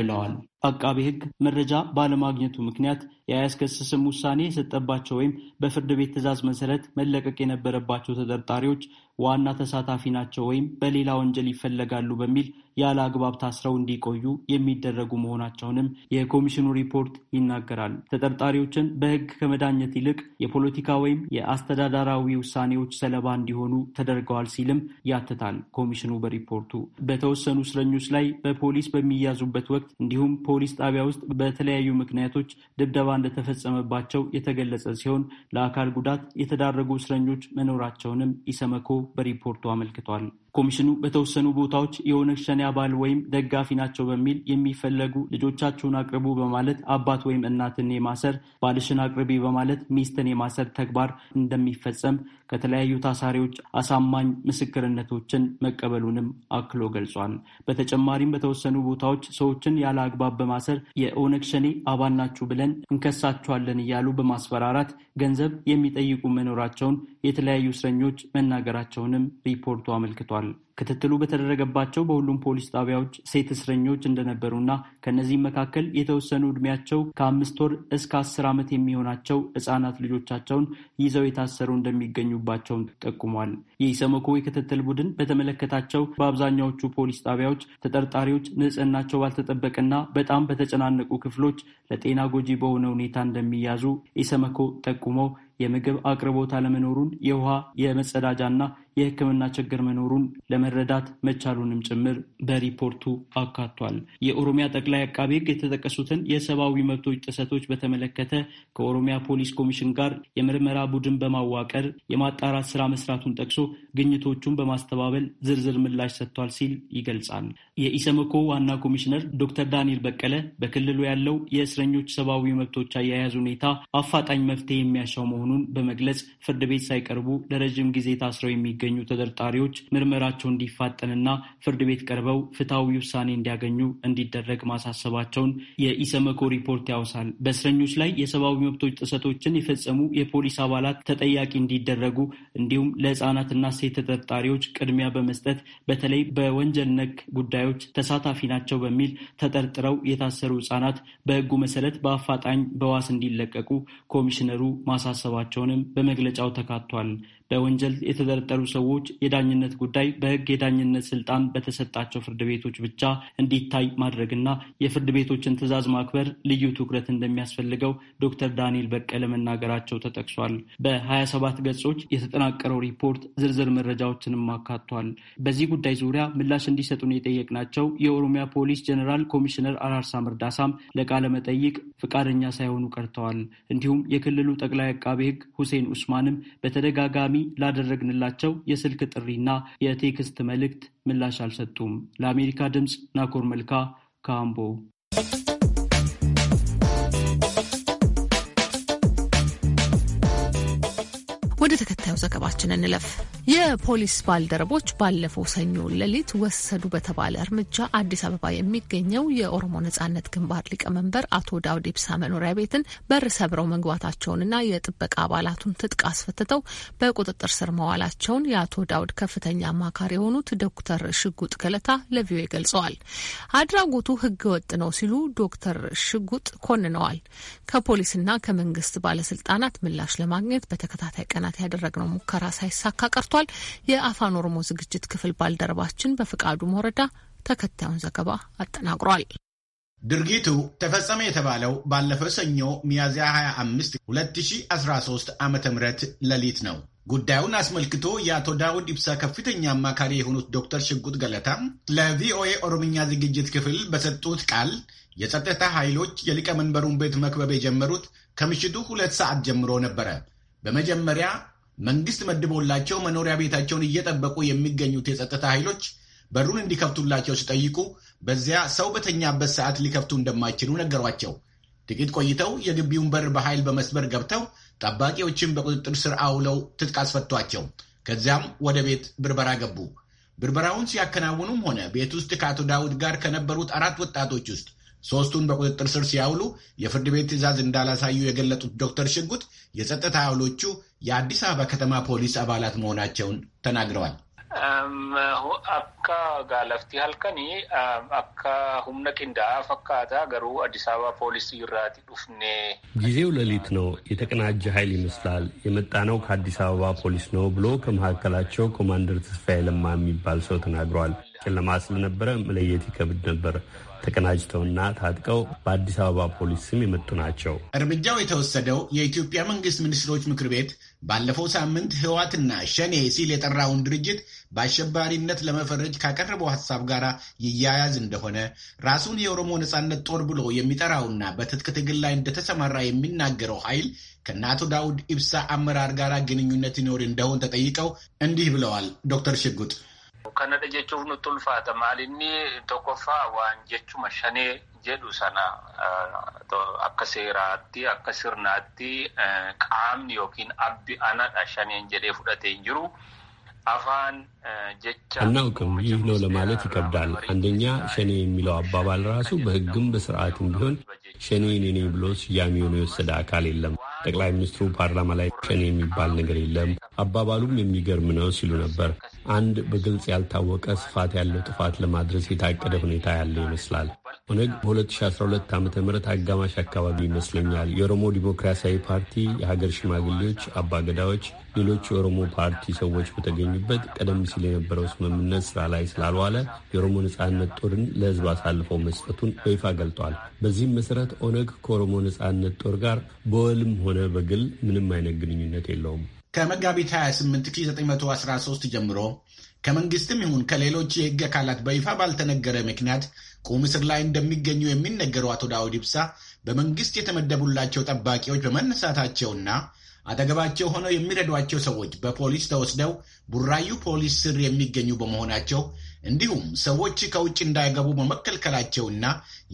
ብለዋል። አቃቤ ሕግ መረጃ ባለማግኘቱ ምክንያት የአያስከስስም ውሳኔ የሰጠባቸው ወይም በፍርድ ቤት ትዕዛዝ መሰረት መለቀቅ የነበረባቸው ተጠርጣሪዎች ዋና ተሳታፊ ናቸው ወይም በሌላ ወንጀል ይፈለጋሉ በሚል ያለ አግባብ ታስረው እንዲቆዩ የሚደረጉ መሆናቸውንም የኮሚሽኑ ሪፖርት ይናገራል። ተጠርጣሪዎችን በሕግ ከመዳኘት ይልቅ የፖለቲካ ወይም የአስተዳደራዊ ውሳኔዎች ሰለባ እንዲሆኑ ተደርገዋል ሲልም ያትታል ኮሚሽኑ በሪፖርቱ በተወሰኑ እስረኞች ላይ በፖሊስ በሚያዙበት ወቅት እንዲሁም ፖሊስ ጣቢያ ውስጥ በተለያዩ ምክንያቶች ድብደባ እንደተፈጸመባቸው የተገለጸ ሲሆን ለአካል ጉዳት የተዳረጉ እስረኞች መኖራቸውንም ኢሰመኮ በሪፖርቱ አመልክቷል። ኮሚሽኑ በተወሰኑ ቦታዎች የኦነግ ሸኔ አባል ወይም ደጋፊ ናቸው በሚል የሚፈለጉ ልጆቻችሁን አቅርቡ በማለት አባት ወይም እናትን የማሰር ባልሽን አቅርቢ በማለት ሚስትን የማሰር ተግባር እንደሚፈጸም ከተለያዩ ታሳሪዎች አሳማኝ ምስክርነቶችን መቀበሉንም አክሎ ገልጿል። በተጨማሪም በተወሰኑ ቦታዎች ሰዎችን ያለ አግባብ በማሰር የኦነግ ሸኔ አባል ናችሁ ብለን እንከሳችኋለን እያሉ በማስፈራራት ገንዘብ የሚጠይቁ መኖራቸውን የተለያዩ እስረኞች መናገራቸውንም ሪፖርቱ አመልክቷል። ገልጸዋል። ክትትሉ በተደረገባቸው በሁሉም ፖሊስ ጣቢያዎች ሴት እስረኞች እንደነበሩና ከእነዚህም መካከል የተወሰኑ ዕድሜያቸው ከአምስት ወር እስከ አስር ዓመት የሚሆናቸው ህፃናት ልጆቻቸውን ይዘው የታሰሩ እንደሚገኙባቸውን ጠቁሟል። የኢሰመኮ የክትትል ቡድን በተመለከታቸው በአብዛኛዎቹ ፖሊስ ጣቢያዎች ተጠርጣሪዎች ንጽህናቸው ባልተጠበቀና በጣም በተጨናነቁ ክፍሎች ለጤና ጎጂ በሆነ ሁኔታ እንደሚያዙ ኢሰመኮ ጠቁሞ የምግብ አቅርቦት አለመኖሩን፣ የውሃ የመጸዳጃና የሕክምና ችግር መኖሩን ለመረዳት መቻሉንም ጭምር በሪፖርቱ አካቷል። የኦሮሚያ ጠቅላይ አቃቤ ሕግ የተጠቀሱትን የሰብአዊ መብቶች ጥሰቶች በተመለከተ ከኦሮሚያ ፖሊስ ኮሚሽን ጋር የምርመራ ቡድን በማዋቀር የማጣራት ስራ መስራቱን ጠቅሶ ግኝቶቹን በማስተባበል ዝርዝር ምላሽ ሰጥቷል ሲል ይገልጻል። የኢሰመኮ ዋና ኮሚሽነር ዶክተር ዳንኤል በቀለ በክልሉ ያለው የእስረኞች ሰብአዊ መብቶች አያያዝ ሁኔታ አፋጣኝ መፍትሄ የሚያሻው መሆኑን በመግለጽ ፍርድ ቤት ሳይቀርቡ ለረዥም ጊዜ ታስረው የሚገ የሚገኙ ተጠርጣሪዎች ምርመራቸው እንዲፋጠንና ፍርድ ቤት ቀርበው ፍትሐዊ ውሳኔ እንዲያገኙ እንዲደረግ ማሳሰባቸውን የኢሰመኮ ሪፖርት ያውሳል። በእስረኞች ላይ የሰብአዊ መብቶች ጥሰቶችን የፈጸሙ የፖሊስ አባላት ተጠያቂ እንዲደረጉ እንዲሁም ለህፃናትና ሴት ተጠርጣሪዎች ቅድሚያ በመስጠት በተለይ በወንጀል ነክ ጉዳዮች ተሳታፊ ናቸው በሚል ተጠርጥረው የታሰሩ ህፃናት በህጉ መሰረት በአፋጣኝ በዋስ እንዲለቀቁ ኮሚሽነሩ ማሳሰባቸውንም በመግለጫው ተካቷል። በወንጀል የተጠረጠሩ ሰዎች የዳኝነት ጉዳይ በሕግ የዳኝነት ስልጣን በተሰጣቸው ፍርድ ቤቶች ብቻ እንዲታይ ማድረግና የፍርድ ቤቶችን ትዕዛዝ ማክበር ልዩ ትኩረት እንደሚያስፈልገው ዶክተር ዳንኤል በቀለ መናገራቸው ተጠቅሷል። በሀያ ሰባት ገጾች የተጠናቀረው ሪፖርት ዝርዝር መረጃዎችንም አካቷል። በዚህ ጉዳይ ዙሪያ ምላሽ እንዲሰጡን የጠየቅናቸው የኦሮሚያ ፖሊስ ጀኔራል ኮሚሽነር አራርሳ ምርዳሳም ለቃለ መጠይቅ ሳይሆኑ ቀርተዋል። እንዲሁም የክልሉ ጠቅላይ አቃቤ ሕግ ሁሴን ኡስማንም በተደጋጋሚ ላደረግንላቸው የስልክ ጥሪና የቴክስት መልእክት ምላሽ አልሰጡም። ለአሜሪካ ድምፅ ናኮር መልካ ካምቦ ወደ ተከታዩ ዘገባችን እንለፍ። የፖሊስ ባልደረቦች ባለፈው ሰኞ ሌሊት ወሰዱ በተባለ እርምጃ አዲስ አበባ የሚገኘው የኦሮሞ ነጻነት ግንባር ሊቀመንበር አቶ ዳውድ ኢብሳ መኖሪያ ቤትን በር ሰብረው መግባታቸውንና የጥበቃ አባላቱን ትጥቅ አስፈትተው በቁጥጥር ስር መዋላቸውን የአቶ ዳውድ ከፍተኛ አማካሪ የሆኑት ዶክተር ሽጉጥ ገለታ ለቪኦኤ ገልጸዋል። አድራጎቱ ሕገ ወጥ ነው ሲሉ ዶክተር ሽጉጥ ኮንነዋል። ከፖሊስና ከመንግስት ባለስልጣናት ምላሽ ለማግኘት በተከታታይ ቀናት ያደረግነው ሙከራ ሳይሳካ ቀርቶ ተሰጥቷል። የአፋን ኦሮሞ ዝግጅት ክፍል ባልደረባችን በፍቃዱ መረዳ ተከታዩን ዘገባ አጠናቅሯል። ድርጊቱ ተፈጸመ የተባለው ባለፈው ሰኞ ሚያዝያ 25 2013 ዓ ም ሌሊት ነው። ጉዳዩን አስመልክቶ የአቶ ዳውድ ኢብሳ ከፍተኛ አማካሪ የሆኑት ዶክተር ሽጉጥ ገለታ ለቪኦኤ ኦሮምኛ ዝግጅት ክፍል በሰጡት ቃል የጸጥታ ኃይሎች የሊቀመንበሩን ቤት መክበብ የጀመሩት ከምሽቱ ሁለት ሰዓት ጀምሮ ነበረ። በመጀመሪያ መንግስት መድቦላቸው መኖሪያ ቤታቸውን እየጠበቁ የሚገኙት የጸጥታ ኃይሎች በሩን እንዲከፍቱላቸው ሲጠይቁ በዚያ ሰው በተኛበት ሰዓት ሊከፍቱ እንደማይችሉ ነገሯቸው። ጥቂት ቆይተው የግቢውን በር በኃይል በመስበር ገብተው ጠባቂዎችን በቁጥጥር ስር አውለው ትጥቅ አስፈቷቸው። ከዚያም ወደ ቤት ብርበራ ገቡ። ብርበራውን ሲያከናውኑም ሆነ ቤት ውስጥ ከአቶ ዳውድ ጋር ከነበሩት አራት ወጣቶች ውስጥ ሶስቱን በቁጥጥር ስር ሲያውሉ የፍርድ ቤት ትዕዛዝ እንዳላሳዩ የገለጡት ዶክተር ሽጉት የጸጥታ ኃይሎቹ የአዲስ አበባ ከተማ ፖሊስ አባላት መሆናቸውን ተናግረዋል። አካ ጋለፍቲ ሀልከኒ አካ ሁምነ ቂንዳፍ ፈካታ ገሩ አዲስ አበባ ፖሊስ ይራቲ ዱፍኔ ጊዜው ሌሊት ነው። የተቀናጀ ኃይል ይመስላል። የመጣነው ከአዲስ አበባ ፖሊስ ነው ብሎ ከመካከላቸው ኮማንደር ተስፋዬ ለማ የሚባል ሰው ተናግሯል። ጨለማ ስለነበረ መለየት ይከብድ ነበር። ተቀናጅተውና ታጥቀው በአዲስ አበባ ፖሊስ ስም የመጡ ናቸው። እርምጃው የተወሰደው የኢትዮጵያ መንግስት ሚኒስትሮች ምክር ቤት ባለፈው ሳምንት ህዋትና ሸኔ ሲል የጠራውን ድርጅት በአሸባሪነት ለመፈረጅ ካቀረበው ሀሳብ ጋር ይያያዝ እንደሆነ ራሱን የኦሮሞ ነጻነት ጦር ብሎ የሚጠራውና በትጥቅ ትግል ላይ እንደተሰማራ የሚናገረው ኃይል ከእነ አቶ ዳውድ ኢብሳ አመራር ጋር ግንኙነት ይኖር እንደሆን ተጠይቀው እንዲህ ብለዋል። ዶክተር ሽጉጥ ከነደ ጀቹፍ ኑጡልፋተ ማሊኒ ቶኮፋ ዋን ጀቹ መሸኔ jedhu sana akka seeraatti akka sirnaatti qaamni yookiin abbi ana dhashaniin jedhee fudhatee hin jiru አፋን ጀቻ አናውቅም። ይህ ነው ለማለት ይከብዳል። አንደኛ ሸኔ የሚለው አባባል ራሱ በሕግም በስርዓትም ቢሆን ሸኔ ኔኔ ብሎ ስያሜ የወሰደ አካል የለም። ጠቅላይ ሚኒስትሩ ፓርላማ ላይ ሸኔ የሚባል ነገር የለም፣ አባባሉም የሚገርም ነው ሲሉ ነበር። አንድ በግልጽ ያልታወቀ ስፋት ያለው ጥፋት ለማድረስ የታቀደ ሁኔታ ያለ ይመስላል። ኦነግ በ2012 ዓ ም አጋማሽ አካባቢ ይመስለኛል የኦሮሞ ዲሞክራሲያዊ ፓርቲ የሀገር ሽማግሌዎች፣ አባገዳዎች፣ ሌሎች የኦሮሞ ፓርቲ ሰዎች በተገኙበት ቀደም ሲል የነበረው ስምምነት ስራ ላይ ስላልዋለ የኦሮሞ ነጻነት ጦርን ለህዝብ አሳልፈው መስጠቱን በይፋ ገልጧል። በዚህም መሰረት ኦነግ ከኦሮሞ ነጻነት ጦር ጋር በወልም ሆነ በግል ምንም አይነት ግንኙነት የለውም። ከመጋቢት 28 1913 ጀምሮ ከመንግስትም ይሁን ከሌሎች የህግ አካላት በይፋ ባልተነገረ ምክንያት ቁም እስር ላይ እንደሚገኙ የሚነገሩ አቶ ዳውድ ኢብሳ በመንግስት የተመደቡላቸው ጠባቂዎች በመነሳታቸውና አጠገባቸው ሆነው የሚረዷቸው ሰዎች በፖሊስ ተወስደው ቡራዩ ፖሊስ ስር የሚገኙ በመሆናቸው እንዲሁም ሰዎች ከውጭ እንዳይገቡ በመከልከላቸውና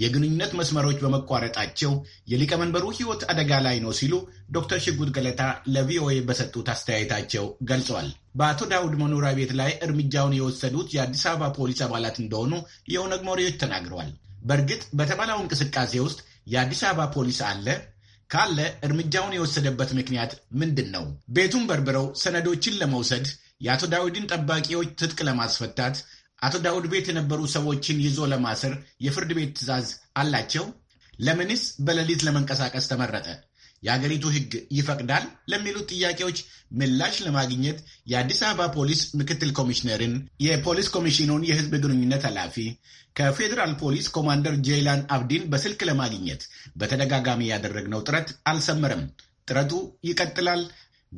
የግንኙነት መስመሮች በመቋረጣቸው የሊቀመንበሩ ሕይወት አደጋ ላይ ነው ሲሉ ዶክተር ሽጉት ገለታ ለቪኦኤ በሰጡት አስተያየታቸው ገልጿል። በአቶ ዳውድ መኖሪያ ቤት ላይ እርምጃውን የወሰዱት የአዲስ አበባ ፖሊስ አባላት እንደሆኑ የኦነግ መሪዎች ተናግረዋል። በእርግጥ በተባለው እንቅስቃሴ ውስጥ የአዲስ አበባ ፖሊስ አለ ካለ እርምጃውን የወሰደበት ምክንያት ምንድን ነው? ቤቱን በርብረው ሰነዶችን ለመውሰድ የአቶ ዳዊድን ጠባቂዎች ትጥቅ ለማስፈታት አቶ ዳውድ ቤት የነበሩ ሰዎችን ይዞ ለማሰር የፍርድ ቤት ትዕዛዝ አላቸው? ለምንስ በሌሊት ለመንቀሳቀስ ተመረጠ? የአገሪቱ ሕግ ይፈቅዳል ለሚሉት ጥያቄዎች ምላሽ ለማግኘት የአዲስ አበባ ፖሊስ ምክትል ኮሚሽነርን፣ የፖሊስ ኮሚሽኑን የህዝብ ግንኙነት ኃላፊ፣ ከፌዴራል ፖሊስ ኮማንደር ጄይላን አብዲን በስልክ ለማግኘት በተደጋጋሚ ያደረግነው ጥረት አልሰመረም። ጥረቱ ይቀጥላል።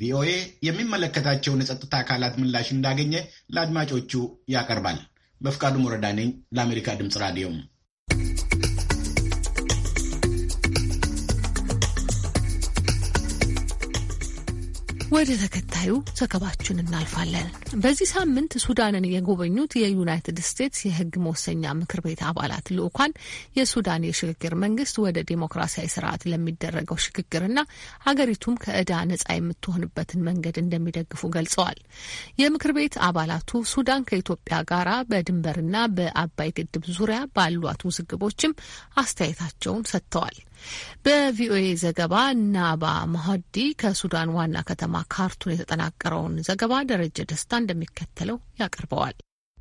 ቪኦኤ የሚመለከታቸውን የጸጥታ አካላት ምላሽ እንዳገኘ ለአድማጮቹ ያቀርባል። በፍቃዱ ወረዳ ነኝ ለአሜሪካ ድምፅ ራዲዮም ወደ ተከታዩ ዘገባችን እናልፋለን። በዚህ ሳምንት ሱዳንን የጎበኙት የዩናይትድ ስቴትስ የሕግ መወሰኛ ምክር ቤት አባላት ልዑካን የሱዳን የሽግግር መንግስት ወደ ዴሞክራሲያዊ ስርዓት ለሚደረገው ሽግግርና ሀገሪቱም ከእዳ ነጻ የምትሆንበትን መንገድ እንደሚደግፉ ገልጸዋል። የምክር ቤት አባላቱ ሱዳን ከኢትዮጵያ ጋራ በድንበርና በአባይ ግድብ ዙሪያ ባሏት ውዝግቦችም አስተያየታቸውን ሰጥተዋል። በቪኦኤ ዘገባ ናባ ማሀዲ ከሱዳን ዋና ከተማ ካርቱን የተጠናቀረውን ዘገባ ደረጀ ደስታ እንደሚከተለው ያቀርበዋል።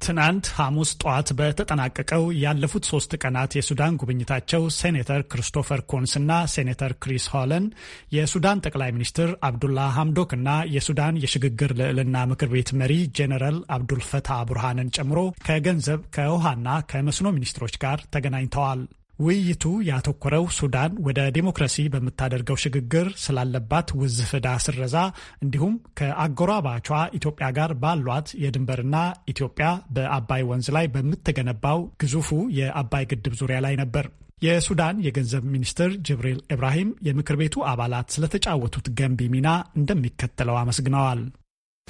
ትናንት ሐሙስ ጠዋት በተጠናቀቀው ያለፉት ሶስት ቀናት የሱዳን ጉብኝታቸው ሴኔተር ክርስቶፈር ኮንስ እና ሴኔተር ክሪስ ሆለን የሱዳን ጠቅላይ ሚኒስትር አብዱላ ሐምዶክ እና የሱዳን የሽግግር ልዕልና ምክር ቤት መሪ ጄኔራል አብዱልፈታ ቡርሃንን ጨምሮ ከገንዘብ ከውሃና ከመስኖ ሚኒስትሮች ጋር ተገናኝተዋል። ውይይቱ ያተኮረው ሱዳን ወደ ዴሞክራሲ በምታደርገው ሽግግር ስላለባት ውዝፍዳ ስረዛ እንዲሁም ከአጎራባቿ ኢትዮጵያ ጋር ባሏት የድንበርና ኢትዮጵያ በአባይ ወንዝ ላይ በምትገነባው ግዙፉ የአባይ ግድብ ዙሪያ ላይ ነበር። የሱዳን የገንዘብ ሚኒስትር ጅብሪል ኢብራሂም የምክር ቤቱ አባላት ስለተጫወቱት ገንቢ ሚና እንደሚከተለው አመስግነዋል።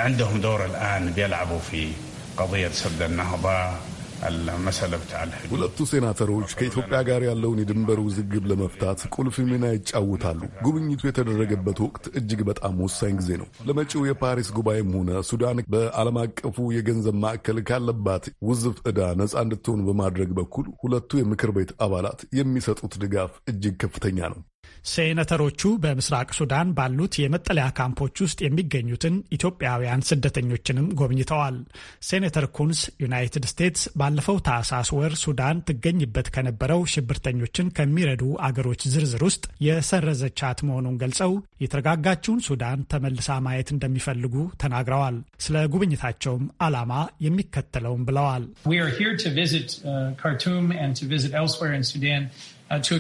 عندهم دور الآن بيلعبوا في قضية سد النهضة ሁለቱ ሴናተሮች ከኢትዮጵያ ጋር ያለውን የድንበር ውዝግብ ለመፍታት ቁልፍ ሚና ይጫወታሉ። ጉብኝቱ የተደረገበት ወቅት እጅግ በጣም ወሳኝ ጊዜ ነው። ለመጪው የፓሪስ ጉባኤም ሆነ ሱዳን በዓለም አቀፉ የገንዘብ ማዕከል ካለባት ውዝፍ ዕዳ ነፃ እንድትሆን በማድረግ በኩል ሁለቱ የምክር ቤት አባላት የሚሰጡት ድጋፍ እጅግ ከፍተኛ ነው። ሴኔተሮቹ በምስራቅ ሱዳን ባሉት የመጠለያ ካምፖች ውስጥ የሚገኙትን ኢትዮጵያውያን ስደተኞችንም ጎብኝተዋል። ሴኔተር ኩንስ ዩናይትድ ስቴትስ ባለፈው ታህሳስ ወር ሱዳን ትገኝበት ከነበረው ሽብርተኞችን ከሚረዱ አገሮች ዝርዝር ውስጥ የሰረዘቻት መሆኑን ገልጸው የተረጋጋችውን ሱዳን ተመልሳ ማየት እንደሚፈልጉ ተናግረዋል። ስለ ጉብኝታቸውም ዓላማ የሚከተለውን ብለዋል። Uh,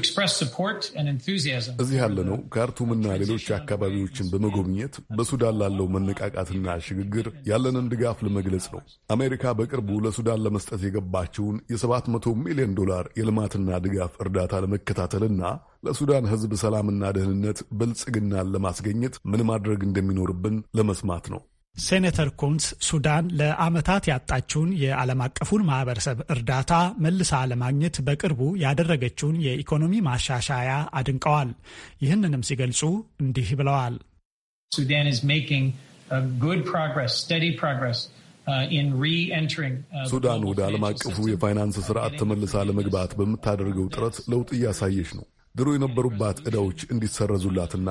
እዚህ ያለነው ካርቱምና ሌሎች አካባቢዎችን በመጎብኘት በሱዳን ላለው መነቃቃትና ሽግግር ያለንን ድጋፍ ለመግለጽ ነው። አሜሪካ በቅርቡ ለሱዳን ለመስጠት የገባችውን የ700 ሚሊዮን ዶላር የልማትና ድጋፍ እርዳታ ለመከታተልና ለሱዳን ሕዝብ ሰላምና ደህንነት ብልጽግናን ለማስገኘት ምን ማድረግ እንደሚኖርብን ለመስማት ነው። ሴኔተር ኩንስ ሱዳን ለዓመታት ያጣችውን የዓለም አቀፉን ማህበረሰብ እርዳታ መልሳ ለማግኘት በቅርቡ ያደረገችውን የኢኮኖሚ ማሻሻያ አድንቀዋል። ይህንንም ሲገልጹ እንዲህ ብለዋል። ሱዳን uh, uh, ወደ ዓለም አቀፉ የፋይናንስ ስርዓት ተመልሳ ለመግባት በምታደርገው ጥረት ለውጥ እያሳየች ነው። ድሮ የነበሩባት ዕዳዎች እንዲሰረዙላትና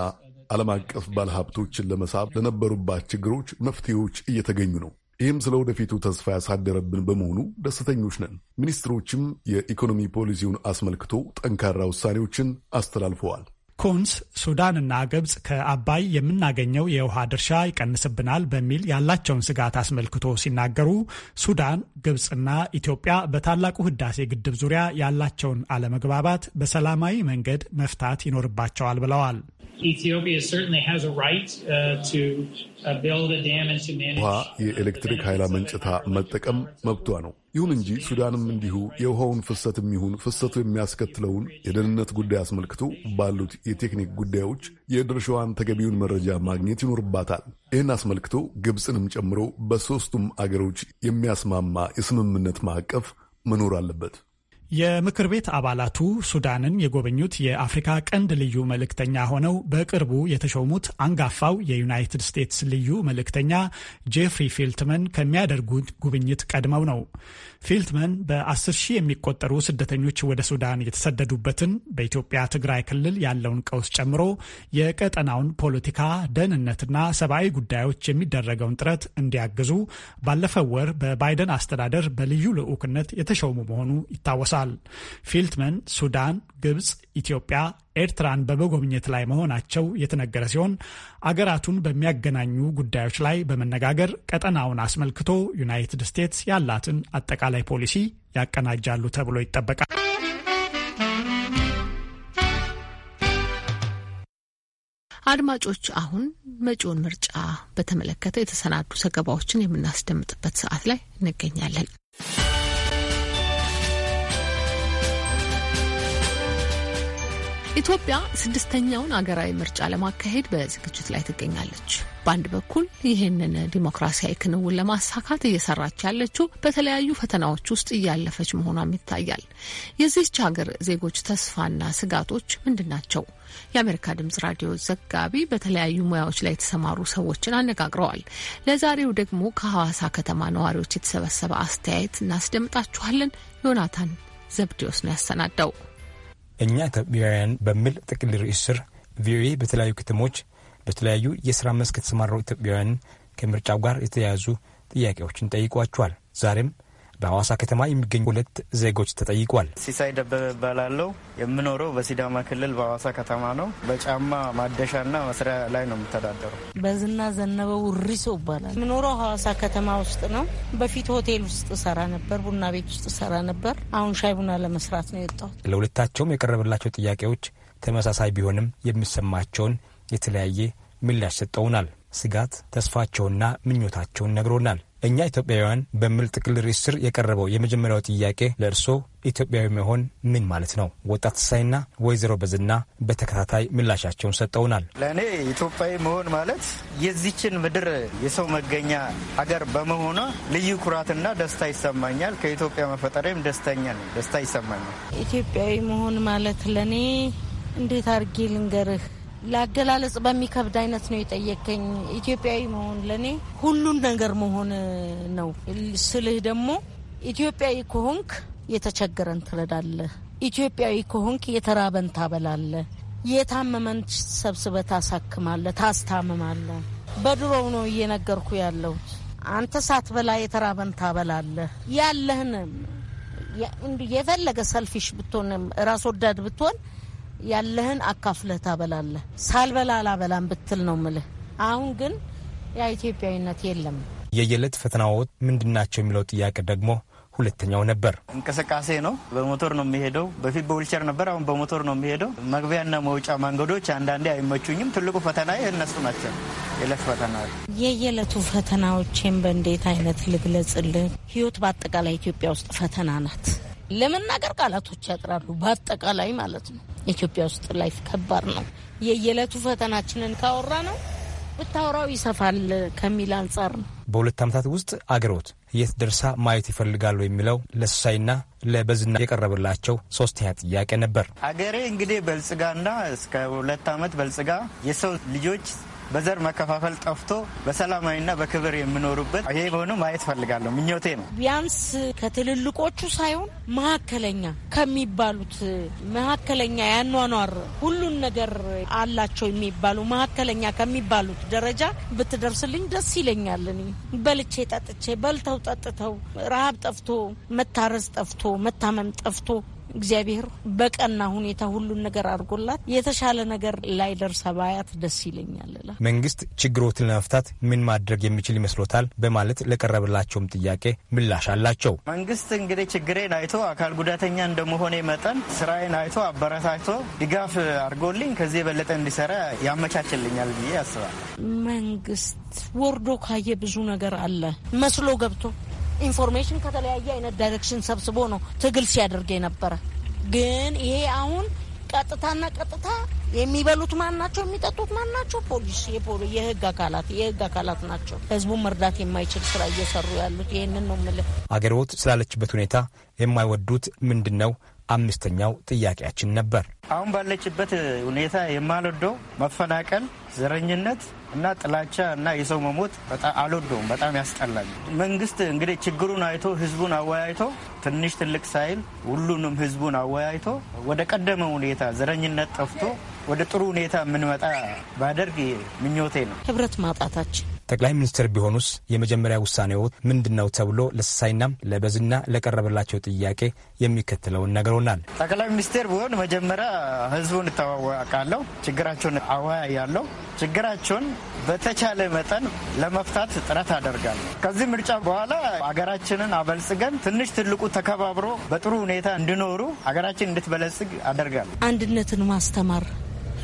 ዓለም አቀፍ ባለሀብቶችን ለመሳብ ለነበሩባት ችግሮች መፍትሄዎች እየተገኙ ነው። ይህም ስለ ወደፊቱ ተስፋ ያሳደረብን በመሆኑ ደስተኞች ነን። ሚኒስትሮችም የኢኮኖሚ ፖሊሲውን አስመልክቶ ጠንካራ ውሳኔዎችን አስተላልፈዋል። ኩንስ ሱዳንና ግብፅ ከአባይ የምናገኘው የውሃ ድርሻ ይቀንስብናል በሚል ያላቸውን ስጋት አስመልክቶ ሲናገሩ ሱዳን፣ ግብፅና ኢትዮጵያ በታላቁ ህዳሴ ግድብ ዙሪያ ያላቸውን አለመግባባት በሰላማዊ መንገድ መፍታት ይኖርባቸዋል ብለዋል። ውሃ የኤሌክትሪክ ኃይል አመንጭታ መጠቀም መብቷ ነው። ይሁን እንጂ ሱዳንም እንዲሁ የውሃውን ፍሰት የሚሆን ፍሰቱ የሚያስከትለውን የደህንነት ጉዳይ አስመልክቶ ባሉት የቴክኒክ ጉዳዮች የድርሻዋን ተገቢውን መረጃ ማግኘት ይኖርባታል። ይህን አስመልክቶ ግብፅንም ጨምሮ በሦስቱም አገሮች የሚያስማማ የስምምነት ማዕቀፍ መኖር አለበት። የምክር ቤት አባላቱ ሱዳንን የጎበኙት የአፍሪካ ቀንድ ልዩ መልእክተኛ ሆነው በቅርቡ የተሾሙት አንጋፋው የዩናይትድ ስቴትስ ልዩ መልእክተኛ ጄፍሪ ፊልትመን ከሚያደርጉት ጉብኝት ቀድመው ነው። ፊልትመን በአስር ሺህ የሚቆጠሩ ስደተኞች ወደ ሱዳን የተሰደዱበትን በኢትዮጵያ ትግራይ ክልል ያለውን ቀውስ ጨምሮ የቀጠናውን ፖለቲካ ደህንነትና ሰብአዊ ጉዳዮች የሚደረገውን ጥረት እንዲያግዙ ባለፈው ወር በባይደን አስተዳደር በልዩ ልዑክነት የተሾሙ መሆኑ ይታወሳል። ይጠቅሳል። ፊልትመን ሱዳን፣ ግብፅ፣ ኢትዮጵያ፣ ኤርትራን በመጎብኘት ላይ መሆናቸው የተነገረ ሲሆን አገራቱን በሚያገናኙ ጉዳዮች ላይ በመነጋገር ቀጠናውን አስመልክቶ ዩናይትድ ስቴትስ ያላትን አጠቃላይ ፖሊሲ ያቀናጃሉ ተብሎ ይጠበቃል። አድማጮች አሁን መጪውን ምርጫ በተመለከተ የተሰናዱ ዘገባዎችን የምናስደምጥበት ሰዓት ላይ እንገኛለን። ኢትዮጵያ ስድስተኛውን አገራዊ ምርጫ ለማካሄድ በዝግጅት ላይ ትገኛለች። በአንድ በኩል ይህንን ዲሞክራሲያዊ ክንውን ለማሳካት እየሰራች ያለችው በተለያዩ ፈተናዎች ውስጥ እያለፈች መሆኗም ይታያል። የዚህች ሀገር ዜጎች ተስፋና ስጋቶች ምንድን ናቸው? የአሜሪካ ድምጽ ራዲዮ ዘጋቢ በተለያዩ ሙያዎች ላይ የተሰማሩ ሰዎችን አነጋግረዋል። ለዛሬው ደግሞ ከሐዋሳ ከተማ ነዋሪዎች የተሰበሰበ አስተያየት እናስደምጣችኋለን። ዮናታን ዘብዲዮስ ነው ያሰናዳው። እኛ ኢትዮጵያውያን በሚል ጥቅል ርዕስ ስር ቪኦኤ በተለያዩ ከተሞች በተለያዩ የሥራ መስክ ከተሰማራው ኢትዮጵያውያን ከምርጫው ጋር የተያያዙ ጥያቄዎችን ጠይቋቸዋል። ዛሬም በሐዋሳ ከተማ የሚገኙ ሁለት ዜጎች ተጠይቋል። ሲሳይ ደበበ እባላለሁ። የምኖረው በሲዳማ ክልል በሐዋሳ ከተማ ነው። በጫማ ማደሻና መስሪያ ላይ ነው የምተዳደረው። በዝና ዘነበው ሪሶ ይባላል። የምኖረው ሐዋሳ ከተማ ውስጥ ነው። በፊት ሆቴል ውስጥ ሰራ ነበር፣ ቡና ቤት ውስጥ ሰራ ነበር። አሁን ሻይ ቡና ለመስራት ነው የወጣሁት። ለሁለታቸውም የቀረበላቸው ጥያቄዎች ተመሳሳይ ቢሆንም የሚሰማቸውን የተለያየ ምላሽ ሰጠውናል። ስጋት፣ ተስፋቸውና ምኞታቸውን ነግሮናል። እኛ ኢትዮጵያውያን በሚል ጥቅል ርዕስ ስር የቀረበው የመጀመሪያው ጥያቄ ለእርስዎ ኢትዮጵያዊ መሆን ምን ማለት ነው? ወጣት ሳይና ወይዘሮ በዝና በተከታታይ ምላሻቸውን ሰጠውናል። ለእኔ ኢትዮጵያዊ መሆን ማለት የዚችን ምድር የሰው መገኛ ሀገር በመሆኗ ልዩ ኩራትና ደስታ ይሰማኛል። ከኢትዮጵያ መፈጠሬም ደስተኛ ነኝ። ደስታ ይሰማኛል። ኢትዮጵያዊ መሆን ማለት ለእኔ እንዴት አድርጌ ልንገርህ ለአገላለጽ በሚከብድ አይነት ነው የጠየቀኝ። ኢትዮጵያዊ መሆን ለእኔ ሁሉን ነገር መሆን ነው ስልህ ደግሞ ኢትዮጵያዊ ከሆንክ የተቸገረን ትረዳለህ። ኢትዮጵያዊ ከሆንክ የተራበን ታበላለህ። የታመመን ሰብስበ ታሳክማለህ፣ ታስታምማለህ። በድሮው ነው እየነገርኩ ያለው። አንተ ሳትበላ የተራበን ታበላለህ። ያለህን የፈለገ ሰልፊሽ ብትሆን ራስ ወዳድ ብትሆን ያለህን አካፍለህ ታበላለህ። ሳልበላ አላበላም ብትል ነው ምልህ። አሁን ግን ያ ኢትዮጵያዊነት የለም። የየዕለት ፈተናዎች ምንድን ናቸው የሚለው ጥያቄ ደግሞ ሁለተኛው ነበር። እንቅስቃሴ ነው። በሞቶር ነው የሚሄደው። በፊት በዊልቸር ነበር፣ አሁን በሞቶር ነው የሚሄደው። መግቢያና መውጫ መንገዶች አንዳንዴ አይመቹኝም። ትልቁ ፈተና እነሱ ናቸው። የዕለት ፈተና የየዕለቱ ፈተናዎቼን በእንዴት አይነት ልግለጽልህ? ህይወት በአጠቃላይ ኢትዮጵያ ውስጥ ፈተና ናት። ለመናገር ቃላቶች ያጥራሉ። በአጠቃላይ ማለት ነው ኢትዮጵያ ውስጥ ላይፍ ከባድ ነው። የየዕለቱ ፈተናችንን ካወራ ነው ብታወራው ይሰፋል ከሚል አንጻር ነው። በሁለት ዓመታት ውስጥ አገሮት የት ደርሳ ማየት ይፈልጋሉ የሚለው ለሱሳይና ለበዝና የቀረበላቸው ሶስተኛ ጥያቄ ነበር። አገሬ እንግዲህ በልጽጋና እስከ ሁለት ዓመት በልጽጋ የሰው ልጆች በዘር መከፋፈል ጠፍቶ በሰላማዊና በክብር የምኖሩበት ይሄ በሆኑ ማየት ፈልጋለሁ። ምኞቴ ነው። ቢያንስ ከትልልቆቹ ሳይሆን መካከለኛ ከሚባሉት መካከለኛ ያኗኗር ሁሉን ነገር አላቸው የሚባሉ መካከለኛ ከሚባሉት ደረጃ ብትደርስልኝ ደስ ይለኛል። እኔ በልቼ ጠጥቼ በልተው ጠጥተው ረሃብ ጠፍቶ መታረስ ጠፍቶ መታመም ጠፍቶ እግዚአብሔር በቀና ሁኔታ ሁሉን ነገር አድርጎላት የተሻለ ነገር ላይ ደርሰ ባያት ደስ ይለኛል። መንግስት ችግሮትን ለመፍታት ምን ማድረግ የሚችል ይመስሎታል? በማለት ለቀረበላቸውም ጥያቄ ምላሽ አላቸው። መንግስት እንግዲህ ችግሬን አይቶ አካል ጉዳተኛ እንደመሆኔ መጠን ስራዬን አይቶ አበረታቶ ድጋፍ አድርጎልኝ ከዚህ የበለጠ እንዲሰራ ያመቻችልኛል ብዬ ያስባል። መንግስት ወርዶ ካየ ብዙ ነገር አለ መስሎ ገብቶ ኢንፎርሜሽን ከተለያየ አይነት ዳይሬክሽን ሰብስቦ ነው ትግል ሲያደርግ የነበረ። ግን ይሄ አሁን ቀጥታና ቀጥታ የሚበሉት ማን ናቸው? የሚጠጡት ማን ናቸው? ፖሊስ፣ የህግ አካላት የህግ አካላት ናቸው። ህዝቡን መርዳት የማይችል ስራ እየሰሩ ያሉት ይህንን ነው ምልህ አገርዎት ስላለችበት ሁኔታ የማይወዱት ምንድን ነው? አምስተኛው ጥያቄያችን ነበር። አሁን ባለችበት ሁኔታ የማልወደው መፈናቀል፣ ዘረኝነት እና ጥላቻ እና የሰው መሞት በጣም አልወደውም። በጣም ያስጠላል። መንግስት እንግዲህ ችግሩን አይቶ ህዝቡን አወያይቶ ትንሽ ትልቅ ሳይል ሁሉንም ህዝቡን አወያይቶ ወደ ቀደመ ሁኔታ ዘረኝነት ጠፍቶ ወደ ጥሩ ሁኔታ የምንመጣ ባደርግ ምኞቴ ነው። ህብረት ማጣታችን ጠቅላይ ሚኒስትር ቢሆኑስ የመጀመሪያ ውሳኔዎ ምንድን ነው ተብሎ ለስሳይና ለበዝና ለቀረበላቸው ጥያቄ የሚከተለውን ነገሩናል። ጠቅላይ ሚኒስትር ቢሆን መጀመሪያ ህዝቡን እተዋወቃለሁ፣ ችግራቸውን አወያያለሁ፣ ችግራቸውን በተቻለ መጠን ለመፍታት ጥረት አደርጋለሁ። ከዚህ ምርጫ በኋላ አገራችንን አበልጽገን ትንሽ ትልቁ ተከባብሮ በጥሩ ሁኔታ እንዲኖሩ አገራችን እንድትበለጽግ አደርጋለሁ። አንድነትን ማስተማር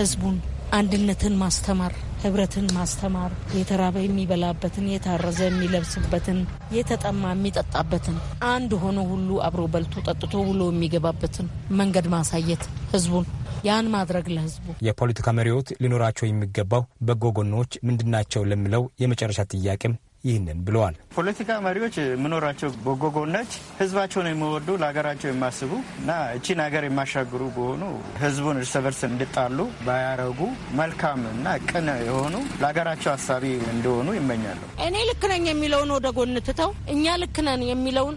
ህዝቡን አንድነትን ማስተማር ህብረትን ማስተማር የተራበ የሚበላበትን፣ የታረዘ የሚለብስበትን፣ የተጠማ የሚጠጣበትን፣ አንድ ሆኖ ሁሉ አብሮ በልቶ ጠጥቶ ውሎ የሚገባበትን መንገድ ማሳየት ህዝቡን ያን ማድረግ ለህዝቡ የፖለቲካ መሪዎት ሊኖራቸው የሚገባው በጎ ጎኖች ምንድናቸው ለምለው የመጨረሻ ጥያቄም ይህንን ብለዋል። ፖለቲካ መሪዎች የምኖራቸው በጎ ጎኖች ህዝባቸውን የሚወዱ ለሀገራቸው የማስቡ እና እቺን ሀገር የማሻግሩ በሆኑ ህዝቡን እርስ በርስ እንድጣሉ ባያረጉ መልካም እና ቅን የሆኑ ለሀገራቸው ሀሳቢ እንደሆኑ ይመኛሉ። እኔ ልክ ነኝ የሚለውን ወደ ጎን ትተው እኛ ልክ ነን የሚለውን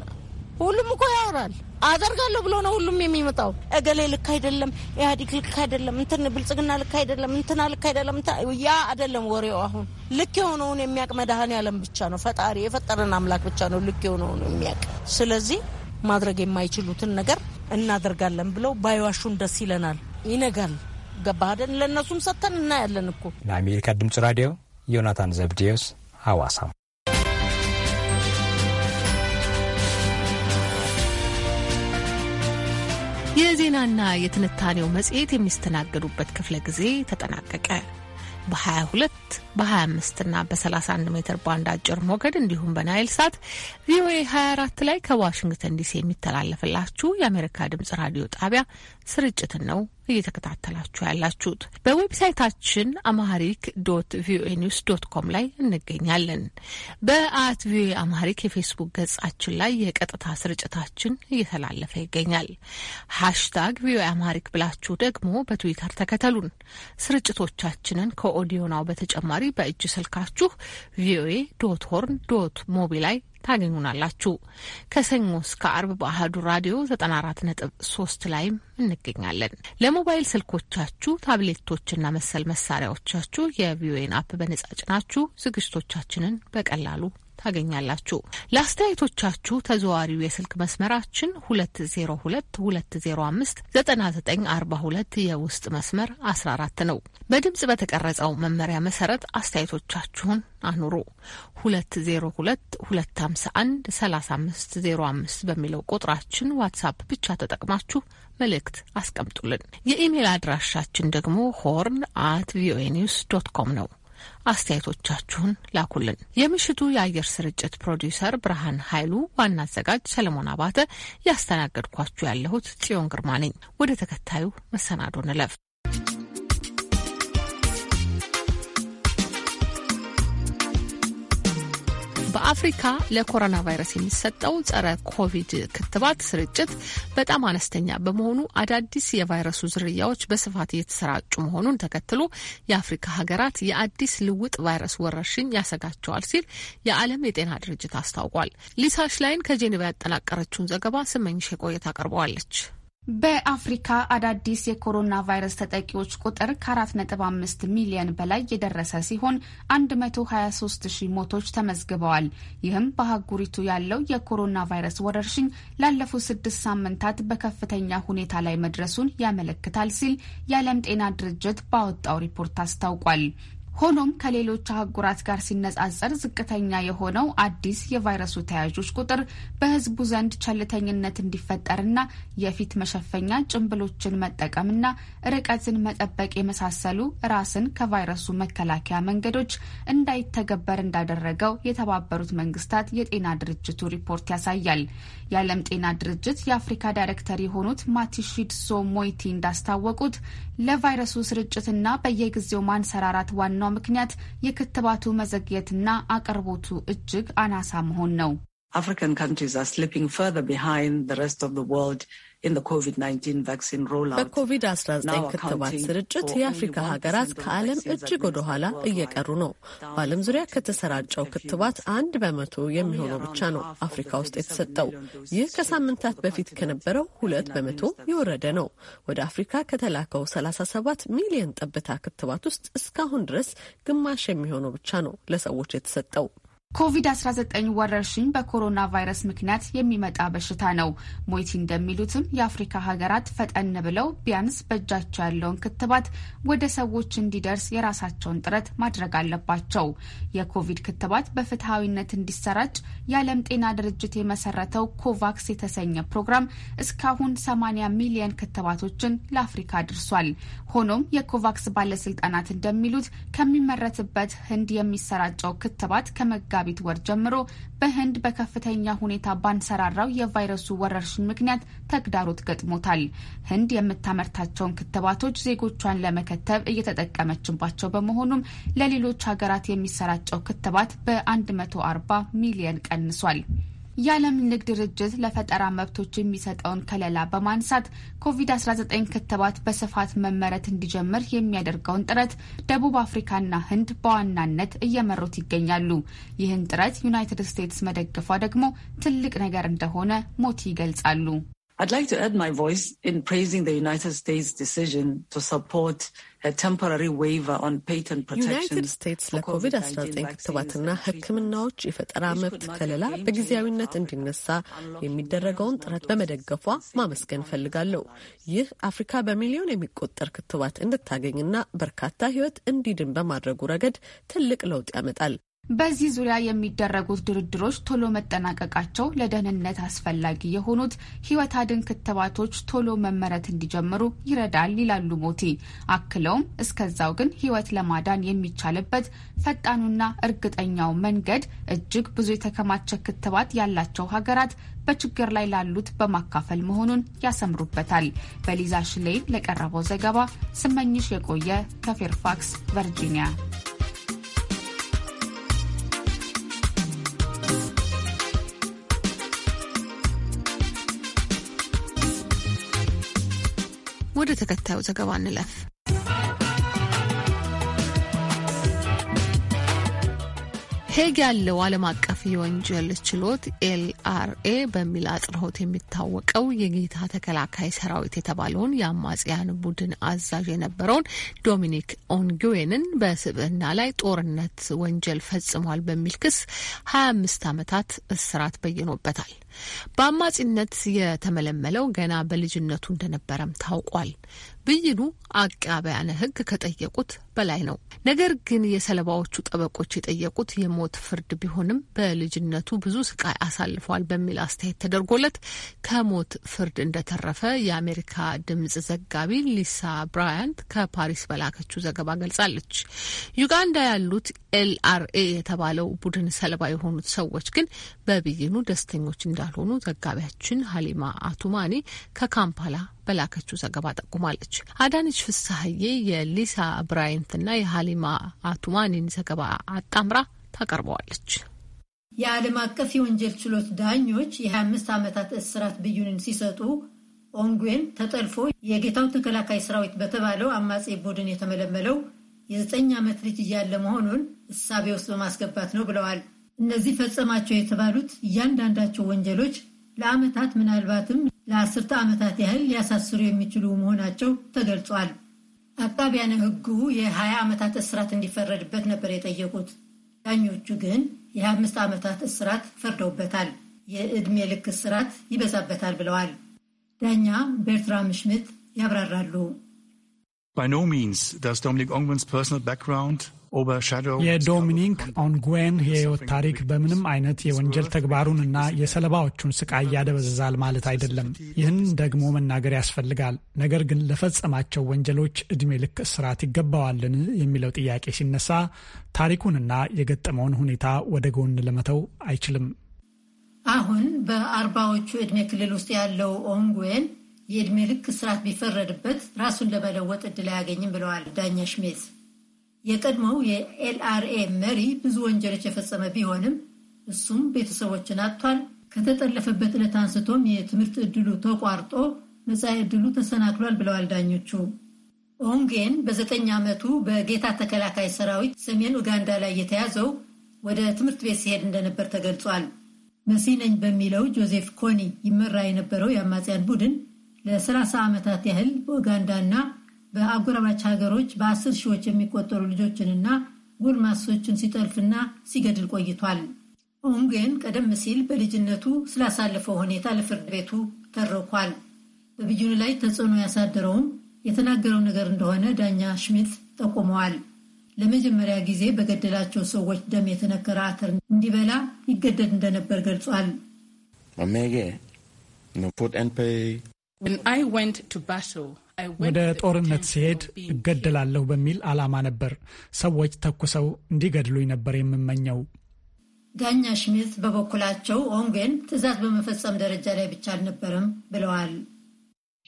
ሁሉም እኮ ያወራል። አደርጋለሁ ብሎ ነው ሁሉም የሚመጣው። እገሌ ልክ አይደለም፣ ኢህአዴግ ልክ አይደለም፣ እንትን ብልጽግና ልክ አይደለም፣ እንትና ልክ አይደለም። ያ አይደለም ወሬው። አሁን ልክ የሆነውን የሚያውቅ መድኃኔዓለም ብቻ ነው ፈጣሪ፣ የፈጠረን አምላክ ብቻ ነው ልክ የሆነውን የሚያውቅ። ስለዚህ ማድረግ የማይችሉትን ነገር እናደርጋለን ብለው ባይዋሹን ደስ ይለናል። ይነጋል። ገባህ አይደል? ለእነሱም ሰጥተን እናያለን እኮ። ለአሜሪካ ድምጽ ራዲዮ ዮናታን ዘብዲዮስ ሐዋሳም የዜናና የትንታኔው መጽሔት የሚስተናገዱበት ክፍለ ጊዜ ተጠናቀቀ። በ22 በ25 እና በ31 ሜትር ባንድ አጭር ሞገድ እንዲሁም በናይል ሳት ቪኦኤ 24 ላይ ከዋሽንግተን ዲሲ የሚተላለፍላችሁ የአሜሪካ ድምጽ ራዲዮ ጣቢያ ስርጭትን ነው እየተከታተላችሁ ያላችሁት። በዌብሳይታችን አማሪክ ዶት ቪኦኤ ኒውስ ዶት ኮም ላይ እንገኛለን። በአት ቪኦኤ አማሪክ የፌስቡክ ገጻችን ላይ የቀጥታ ስርጭታችን እየተላለፈ ይገኛል። ሃሽታግ ቪኦኤ አማሪክ ብላችሁ ደግሞ በትዊተር ተከተሉን። ስርጭቶቻችንን ከኦዲዮ ናው በተጨማሪ በእጅ ስልካችሁ ቪኦኤ ዶት ሆርን ዶት ሞቢ ላይ ታገኙናላችሁ። ከሰኞ እስከ አርብ በአህዱ ራዲዮ 94.3 ላይም እንገኛለን። ለሞባይል ስልኮቻችሁ ታብሌቶችና መሰል መሳሪያዎቻችሁ የቪኦኤን አፕ በነጻ ጭናችሁ ዝግጅቶቻችንን በቀላሉ ታገኛላችሁ። ለአስተያየቶቻችሁ ተዘዋሪው የስልክ መስመራችን ሁለት ዜሮ ሁለት ሁለት ዜሮ አምስት ዘጠና ዘጠኝ አርባ ሁለት የውስጥ መስመር አስራ አራት ነው። በድምጽ በተቀረጸው መመሪያ መሰረት አስተያየቶቻችሁን አኑሩ። ሁለት ዜሮ ሁለት ሁለት አንድ ሰላሳ አምስት ዜሮ አምስት በሚለው ቁጥራችን ዋትሳፕ ብቻ ተጠቅማችሁ መልእክት አስቀምጡልን። የኢሜል አድራሻችን ደግሞ ሆርን አት ቪኦኤ ኒውስ ዶት ኮም ነው። አስተያየቶቻችሁን ላኩልን። የምሽቱ የአየር ስርጭት ፕሮዲውሰር ብርሃን ኃይሉ፣ ዋና አዘጋጅ ሰለሞን አባተ፣ ያስተናገድኳችሁ ያለሁት ጽዮን ግርማ ነኝ። ወደ ተከታዩ መሰናዶ ንለፍ። በአፍሪካ ለኮሮና ቫይረስ የሚሰጠው ጸረ ኮቪድ ክትባት ስርጭት በጣም አነስተኛ በመሆኑ አዳዲስ የቫይረሱ ዝርያዎች በስፋት እየተሰራጩ መሆኑን ተከትሎ የአፍሪካ ሀገራት የአዲስ ልውጥ ቫይረስ ወረርሽኝ ያሰጋቸዋል ሲል የዓለም የጤና ድርጅት አስታውቋል። ሊሳ ሽላይን ከጄኔቫ ያጠናቀረችውን ዘገባ ስመኝሽ የቆየት አቀርበዋለች። በአፍሪካ አዳዲስ የኮሮና ቫይረስ ተጠቂዎች ቁጥር ከ4.5 ሚሊየን በላይ የደረሰ ሲሆን 123 ሺህ ሞቶች ተመዝግበዋል። ይህም በአህጉሪቱ ያለው የኮሮና ቫይረስ ወረርሽኝ ላለፉት ስድስት ሳምንታት በከፍተኛ ሁኔታ ላይ መድረሱን ያመለክታል ሲል የዓለም ጤና ድርጅት ባወጣው ሪፖርት አስታውቋል። ሆኖም ከሌሎች አህጉራት ጋር ሲነጻጸር ዝቅተኛ የሆነው አዲስ የቫይረሱ ተያዦች ቁጥር በሕዝቡ ዘንድ ቸልተኝነት እንዲፈጠርና የፊት መሸፈኛ ጭንብሎችን መጠቀምና ርቀትን መጠበቅ የመሳሰሉ ራስን ከቫይረሱ መከላከያ መንገዶች እንዳይተገበር እንዳደረገው የተባበሩት መንግስታት የጤና ድርጅቱ ሪፖርት ያሳያል። የዓለም ጤና ድርጅት የአፍሪካ ዳይሬክተር የሆኑት ማቲሺድሶ ሞይቲ እንዳስታወቁት ለቫይረሱ ስርጭትና በየጊዜው ማንሰራራት ዋናው ዋናው ምክንያት የክትባቱ መዘግየትና አቅርቦቱ እጅግ አናሳ መሆን ነው። አፍሪካን ካንትሪስ አር ስሊፒንግ ፈርዘር ቢሃይንድ በኮቪድ-19 ክትባት ስርጭት የአፍሪካ ሀገራት ከዓለም እጅግ ወደ ኋላ እየቀሩ ነው። በዓለም ዙሪያ ከተሰራጨው ክትባት አንድ በመቶ የሚሆነው ብቻ ነው አፍሪካ ውስጥ የተሰጠው። ይህ ከሳምንታት በፊት ከነበረው ሁለት በመቶ የወረደ ነው። ወደ አፍሪካ ከተላከው 37 ሚሊዮን ጠብታ ክትባት ውስጥ እስካሁን ድረስ ግማሽ የሚሆነው ብቻ ነው ለሰዎች የተሰጠው። ኮቪድ-19 ወረርሽኝ በኮሮና ቫይረስ ምክንያት የሚመጣ በሽታ ነው። ሞይቲ እንደሚሉትም የአፍሪካ ሀገራት ፈጠን ብለው ቢያንስ በእጃቸው ያለውን ክትባት ወደ ሰዎች እንዲደርስ የራሳቸውን ጥረት ማድረግ አለባቸው። የኮቪድ ክትባት በፍትሐዊነት እንዲሰራጭ የዓለም ጤና ድርጅት የመሰረተው ኮቫክስ የተሰኘ ፕሮግራም እስካሁን 80 ሚሊየን ክትባቶችን ለአፍሪካ አድርሷል። ሆኖም የኮቫክስ ባለስልጣናት እንደሚሉት ከሚመረትበት ህንድ የሚሰራጨው ክትባት ከመጋቢ ከመጋቢት ወር ጀምሮ በህንድ በከፍተኛ ሁኔታ ባንሰራራው የቫይረሱ ወረርሽኝ ምክንያት ተግዳሮት ገጥሞታል። ህንድ የምታመርታቸውን ክትባቶች ዜጎቿን ለመከተብ እየተጠቀመችባቸው በመሆኑም ለሌሎች ሀገራት የሚሰራጨው ክትባት በ140 ሚሊየን ቀንሷል። የዓለም ንግድ ድርጅት ለፈጠራ መብቶች የሚሰጠውን ከለላ በማንሳት ኮቪድ-19 ክትባት በስፋት መመረት እንዲጀምር የሚያደርገውን ጥረት ደቡብ አፍሪካና ህንድ በዋናነት እየመሩት ይገኛሉ። ይህን ጥረት ዩናይትድ ስቴትስ መደገፏ ደግሞ ትልቅ ነገር እንደሆነ ሞቲ ይገልጻሉ። I'd like to add my voice in praising the United States' decision to support ዩናይትድ ስቴትስ ለኮቪድ-19 ክትባትና ሕክምናዎች የፈጠራ መብት ከለላ በጊዜያዊነት እንዲነሳ የሚደረገውን ጥረት በመደገፏ ማመስገን እፈልጋለሁ። ይህ አፍሪካ በሚሊዮን የሚቆጠር ክትባት እንድታገኝና በርካታ ሕይወት እንዲድን በማድረጉ ረገድ ትልቅ ለውጥ ያመጣል። በዚህ ዙሪያ የሚደረጉት ድርድሮች ቶሎ መጠናቀቃቸው ለደህንነት አስፈላጊ የሆኑት ህይወት አድን ክትባቶች ቶሎ መመረት እንዲጀምሩ ይረዳል ይላሉ ሞቲ። አክለውም እስከዛው ግን ህይወት ለማዳን የሚቻልበት ፈጣኑና እርግጠኛው መንገድ እጅግ ብዙ የተከማቸ ክትባት ያላቸው ሀገራት በችግር ላይ ላሉት በማካፈል መሆኑን ያሰምሩበታል። በሊዛ ሽሌን ለቀረበው ዘገባ ስመኝሽ የቆየ ከፌርፋክስ ቨርጂኒያ ወደ ተከታዩ ዘገባ እንለፍ። ሄግ ያለው ዓለም አቀፍ የወንጀል ችሎት ኤልአርኤ በሚል አጽርሆት የሚታወቀው የጌታ ተከላካይ ሰራዊት የተባለውን የአማጽያን ቡድን አዛዥ የነበረውን ዶሚኒክ ኦንግዌንን በስብዕና ላይ ጦርነት ወንጀል ፈጽሟል በሚል ክስ ሀያ አምስት ዓመታት እስራት በይኖበታል። በአማጺነት የተመለመለው ገና በልጅነቱ እንደነበረም ታውቋል። ብይኑ አቃቢያነ ሕግ ከጠየቁት በላይ ነው። ነገር ግን የሰለባዎቹ ጠበቆች የጠየቁት የሞት ፍርድ ቢሆንም በልጅነቱ ብዙ ስቃይ አሳልፏል በሚል አስተያየት ተደርጎለት ከሞት ፍርድ እንደተረፈ የአሜሪካ ድምጽ ዘጋቢ ሊሳ ብራያንት ከፓሪስ በላከችው ዘገባ ገልጻለች። ዩጋንዳ ያሉት ኤልአርኤ የተባለው ቡድን ሰለባ የሆኑት ሰዎች ግን በብይኑ ደስተኞች እንዳ እንዳልሆኑ ዘጋቢያችን ሀሊማ አቱማኒ ከካምፓላ በላከችው ዘገባ ጠቁማለች። አዳነች ፍስሀዬ የሊሳ ብራይንትና የሀሊማ አቱማኒን ዘገባ አጣምራ ታቀርበዋለች። የዓለም አቀፍ የወንጀል ችሎት ዳኞች የ25 ዓመታት እስራት ብዩንን ሲሰጡ ኦንጉዌን ተጠልፎ የጌታው ተከላካይ ሰራዊት በተባለው አማጼ ቡድን የተመለመለው የዘጠኝ ዓመት ልጅ እያለ መሆኑን እሳቤ ውስጥ በማስገባት ነው ብለዋል። እነዚህ ፈጸማቸው የተባሉት እያንዳንዳቸው ወንጀሎች ለዓመታት ምናልባትም ለአስርተ ዓመታት ያህል ሊያሳስሩ የሚችሉ መሆናቸው ተገልጿል። አቃቢያነ ሕጉ የ20 ዓመታት እስራት እንዲፈረድበት ነበር የጠየቁት። ዳኞቹ ግን የአምስት ዓመታት እስራት ፈርደውበታል። የዕድሜ ልክ እስራት ይበዛበታል ብለዋል። ዳኛ ቤርትራም ሽምት ያብራራሉ። By no means does Dominic Ongwen's personal background የዶሚኒክ ኦንጉዌን የሕይወት ታሪክ በምንም አይነት የወንጀል ተግባሩንና የሰለባዎቹን ስቃይ ያደበዝዛል ማለት አይደለም። ይህን ደግሞ መናገር ያስፈልጋል። ነገር ግን ለፈጸማቸው ወንጀሎች እድሜ ልክ እስራት ይገባዋልን የሚለው ጥያቄ ሲነሳ ታሪኩንና የገጠመውን ሁኔታ ወደ ጎን ለመተው አይችልም። አሁን በአርባዎቹ እድሜ ክልል ውስጥ ያለው ኦንጉዌን የእድሜ ልክ እስራት ቢፈረድበት ራሱን ለመለወጥ እድል አያገኝም ብለዋል ዳኛ ሽሜዝ። የቀድሞው የኤልአርኤ መሪ ብዙ ወንጀሎች የፈጸመ ቢሆንም እሱም ቤተሰቦችን አጥቷል። ከተጠለፈበት ዕለት አንስቶም የትምህርት ዕድሉ ተቋርጦ መጻኢ ዕድሉ ተሰናክሏል ብለዋል ዳኞቹ። ኦንጌን በዘጠኝ ዓመቱ በጌታ ተከላካይ ሰራዊት ሰሜን ኡጋንዳ ላይ የተያዘው ወደ ትምህርት ቤት ሲሄድ እንደነበር ተገልጿል። መሲነኝ በሚለው ጆዜፍ ኮኒ ይመራ የነበረው የአማጽያን ቡድን ለ ዓመታት ያህል በኡጋንዳና በአጎራባች ሀገሮች በአስር ሺዎች የሚቆጠሩ ልጆችንና ጎልማሶችን ሲጠልፍና ሲገድል ቆይቷል። ሆኖም ግን ቀደም ሲል በልጅነቱ ስላሳለፈው ሁኔታ ለፍርድ ቤቱ ተርኳል። በብይኑ ላይ ተጽዕኖ ያሳደረውም የተናገረው ነገር እንደሆነ ዳኛ ሽሚት ጠቁመዋል። ለመጀመሪያ ጊዜ በገደላቸው ሰዎች ደም የተነከረ አተር እንዲበላ ይገደድ እንደነበር ገልጿል። When I went to ወደ ጦርነት ሲሄድ እገደላለሁ በሚል ዓላማ ነበር። ሰዎች ተኩሰው እንዲገድሉኝ ነበር የምመኘው። ዳኛ ሽሚት በበኩላቸው ኦንጌን ትዕዛዝ በመፈጸም ደረጃ ላይ ብቻ አልነበረም ብለዋል።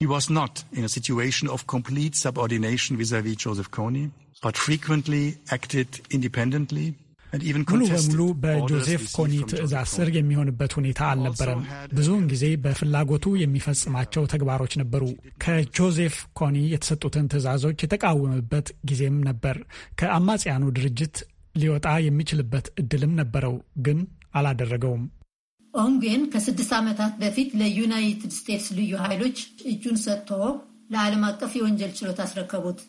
He was not in a situation of complete subordination vis-à-vis Joseph Kony, but frequently acted independently ሙሉ በሙሉ በጆዜፍ ኮኒ ትዕዛዝ ስር የሚሆንበት ሁኔታ አልነበረም። ብዙውን ጊዜ በፍላጎቱ የሚፈጽማቸው ተግባሮች ነበሩ። ከጆዜፍ ኮኒ የተሰጡትን ትዕዛዞች የተቃወመበት ጊዜም ነበር። ከአማጽያኑ ድርጅት ሊወጣ የሚችልበት እድልም ነበረው፣ ግን አላደረገውም። ኦንጌን ከስድስት ዓመታት በፊት ለዩናይትድ ስቴትስ ልዩ ኃይሎች እጁን ሰጥቶ ለዓለም አቀፍ የወንጀል ችሎት አስረከቡት።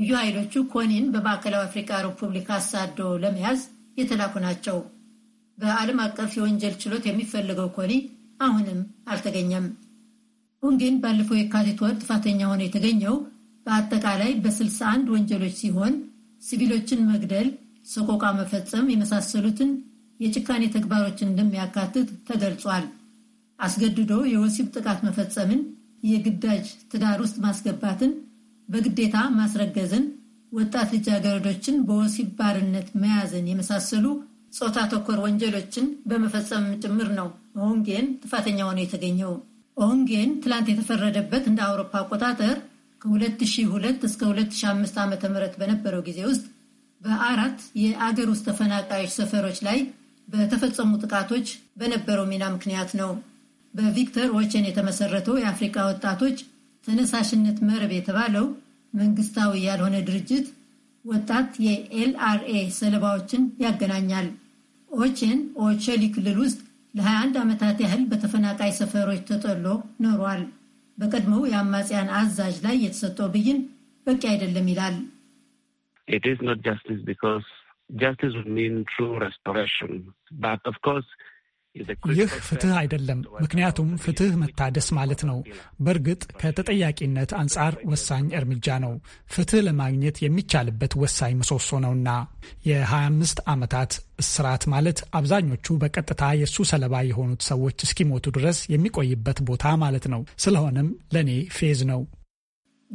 ልዩ ኃይሎቹ ኮኒን በማዕከላዊ አፍሪካ ሪፑብሊክ አሳዶ ለመያዝ የተላኩ ናቸው። በዓለም አቀፍ የወንጀል ችሎት የሚፈለገው ኮኒ አሁንም አልተገኘም። ሁን ግን ባለፈው የካቲት ወር ጥፋተኛ ሆኖ የተገኘው በአጠቃላይ በ61 ወንጀሎች ሲሆን ሲቪሎችን መግደል፣ ሰቆቃ መፈጸም የመሳሰሉትን የጭካኔ ተግባሮችን እንደሚያካትት ተገልጿል። አስገድዶ የወሲብ ጥቃት መፈጸምን፣ የግዳጅ ትዳር ውስጥ ማስገባትን፣ በግዴታ ማስረገዝን ወጣት ልጃገረዶችን በወሲብ ባርነት መያዝን የመሳሰሉ ጾታ ተኮር ወንጀሎችን በመፈጸም ጭምር ነው ኦንጌን ጥፋተኛ ሆኖ የተገኘው። ኦንጌን ትላንት የተፈረደበት እንደ አውሮፓ አቆጣጠር ከ2002 እስከ 2005 ዓ ም በነበረው ጊዜ ውስጥ በአራት የአገር ውስጥ ተፈናቃዮች ሰፈሮች ላይ በተፈጸሙ ጥቃቶች በነበረው ሚና ምክንያት ነው። በቪክተር ኦቼን የተመሰረተው የአፍሪካ ወጣቶች ተነሳሽነት መረብ የተባለው መንግስታዊ ያልሆነ ድርጅት ወጣት የኤልአርኤ ሰለባዎችን ያገናኛል። ኦቼን ኦቸሊ ክልል ውስጥ ለ21 ዓመታት ያህል በተፈናቃይ ሰፈሮች ተጠሎ ኖሯል። በቀድሞው የአማጽያን አዛዥ ላይ የተሰጠው ብይን በቂ አይደለም ይላል። ኢት ኢዝ ኖት ጃስቲስ ቢኮዝ ጃስቲስ ሚን ትሩ ሬስቶሬሽን ባት ኦፍ ኮርስ ይህ ፍትህ አይደለም። ምክንያቱም ፍትህ መታደስ ማለት ነው። በእርግጥ ከተጠያቂነት አንጻር ወሳኝ እርምጃ ነው። ፍትህ ለማግኘት የሚቻልበት ወሳኝ ምሰሶ ነውና የ25 ዓመታት እስራት ማለት አብዛኞቹ በቀጥታ የእሱ ሰለባ የሆኑት ሰዎች እስኪሞቱ ድረስ የሚቆይበት ቦታ ማለት ነው። ስለሆነም ለእኔ ፌዝ ነው።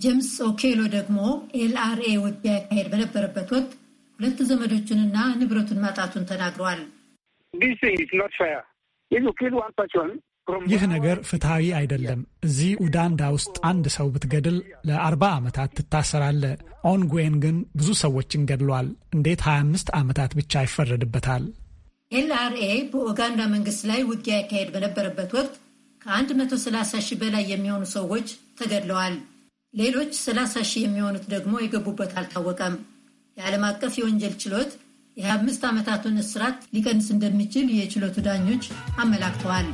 ጀምስ ኦኬሎ ደግሞ ኤልአርኤ ውጊያ ያካሄድ በነበረበት ወቅት ሁለት ዘመዶቹንና ንብረቱን ማጣቱን ተናግረዋል። ይህ ነገር ፍትሐዊ አይደለም። እዚህ ኡጋንዳ ውስጥ አንድ ሰው ብትገድል ለአርባ ዓመታት ትታሰራለ ኦንጉዌን ግን ብዙ ሰዎችን ገድሏል። እንዴት 25 ዓመታት ብቻ ይፈረድበታል? ኤልአርኤ በኡጋንዳ መንግስት ላይ ውጊያ ያካሄድ በነበረበት ወቅት ከ130 ሺህ በላይ የሚሆኑ ሰዎች ተገድለዋል። ሌሎች 30 ሺህ የሚሆኑት ደግሞ የገቡበት አልታወቀም። የዓለም አቀፍ የወንጀል ችሎት የአምስት ዓመታቱን እስራት ሊቀንስ እንደሚችል የችሎቱ ዳኞች አመላክተዋል።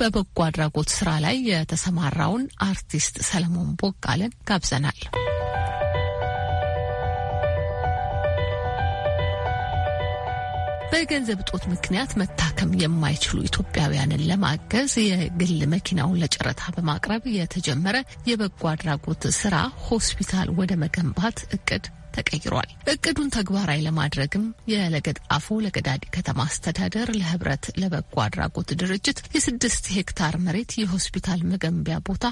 በበጎ አድራጎት ስራ ላይ የተሰማራውን አርቲስት ሰለሞን ቦቃለን ጋብዘናል። በገንዘብ እጦት ምክንያት መታከም የማይችሉ ኢትዮጵያውያንን ለማገዝ የግል መኪናውን ለጨረታ በማቅረብ የተጀመረ የበጎ አድራጎት ስራ ሆስፒታል ወደ መገንባት እቅድ ተቀይሯል። እቅዱን ተግባራዊ ለማድረግም የለገጣፎ ለገዳዲ ከተማ አስተዳደር ለህብረት ለበጎ አድራጎት ድርጅት የስድስት ሄክታር መሬት የሆስፒታል መገንቢያ ቦታ